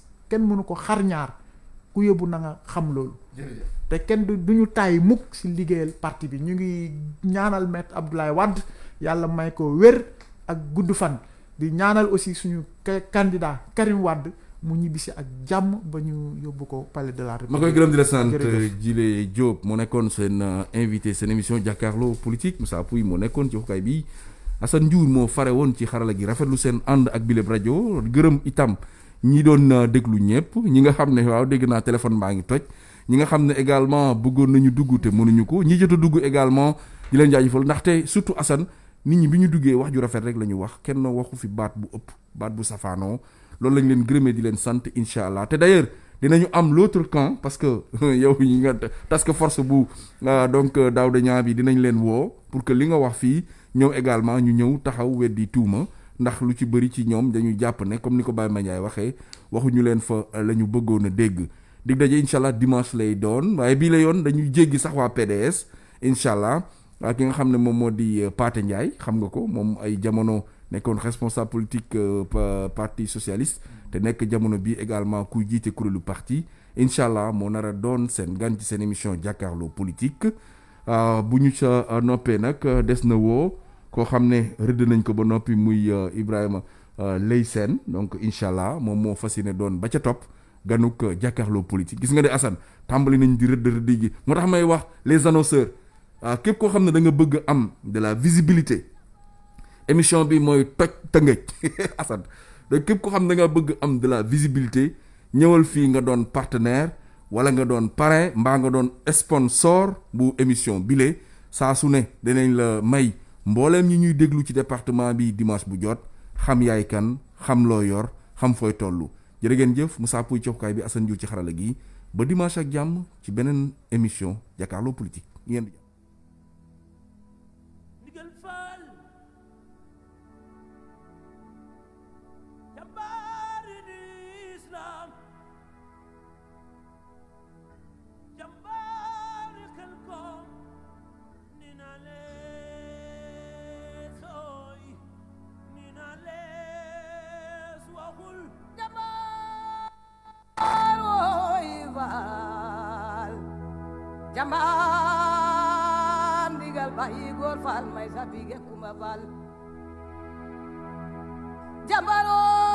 kenn mënu ko xar ñaar ku yóbbu na nga xam loolu te kenn du duñu tay mukk si liggéeyal parti bi ñu ngi ñaanal met Abdoulaye Wade yàlla may ko wér ak gudd fan di ñaanal aussi suñu candidat Karim Wade mu ñibbisi ak jàmm ba ñu yóbbu ko palais de la république ma koy gërëm di la sant Jile Diop moo nekkoon seen euh, invité seen émission jàkkaarloo politique Moussa Pouy moo nekkoon ci xukaay bi asan Ndiour moo fare woon ci xarala gi rafetlu seen ànd ak bileb radio gërëm itam ñi doon euh, déglu ñëpp ñi nga xam ne waaw dégg naa téléphone baa ngi toj ñi nga xam ne également bëggoon nañu dugg te mënuñu ko ñi jot a dugg également di leen jaajëfal ndaxte surtout Assane nit ñi bi ñu duggee wax ju rafet rek la ñu wax kenn waxu fi baat bu ëpp baat bu safaanoo loolu lañ leen gërëmee di leen sant incha allah te d'ailleurs dinañu am l'autre camp parce que yow yi nga task force bu euh, donc euh, Daouda Niang bi dinañ leen woo pour que li nga wax fii ñoom également ñu ñëw taxaw weddi tuuma ndax lu ci bëri ci ñoom dañu jàpp ne comme ni ko Baye Mandiaye waxee ñu leen fa euh, lañu bëggoon a dégg dig daje incha allah dimanche lay doon waaye bii la yoon dañuy jéggi sax waa PDS incha allah ak ki nga xam ne moom moo di euh, Pate Ndiaye xam nga ko moom ay jamono nekkoon responsable politique euh, parti socialiste te nekk jamono bi également kuy jiite kuréelu parti incha allah moo nar a doon seen gan ci seen émission jàkkaarloo politique bu ñu ca noppee nag des na woo koo xam ne rëdd nañ ko ba noppi muy euh, Ibrahima euh, Lay Sène donc incha allah moom moo fas ne doon ba ca topp ganuk euh, jàkkaarloo politique gis nga de Assane tàmbali nañ di rëdd rëdd gi moo tax may wax les annonceurs ah, képp koo xam ne da nga bëgg am de la visibilité émission bi mooy toj tëngëj Assane donc képp koo xam ne da bëgg am de la visibilité ñëwal fii nga doon partenaire wala nga doon parrain mbaa nga doon sponsor bu émission bile saa su ne danañ la may. mbooleem ñi ñuy déglu ci département bi dimanche bu jot xam yaay kan xam loo yor xam fooy toll jërë ngeen jëf Moussa Pouy coxkaay bi Assane Diouf ci xarala gi ba dimanche ak jàmm ci beneen émission jàkkaarloo politique ngeen Fall jambaam ndigal bayi góor Fall may sa bige Kumba jambaro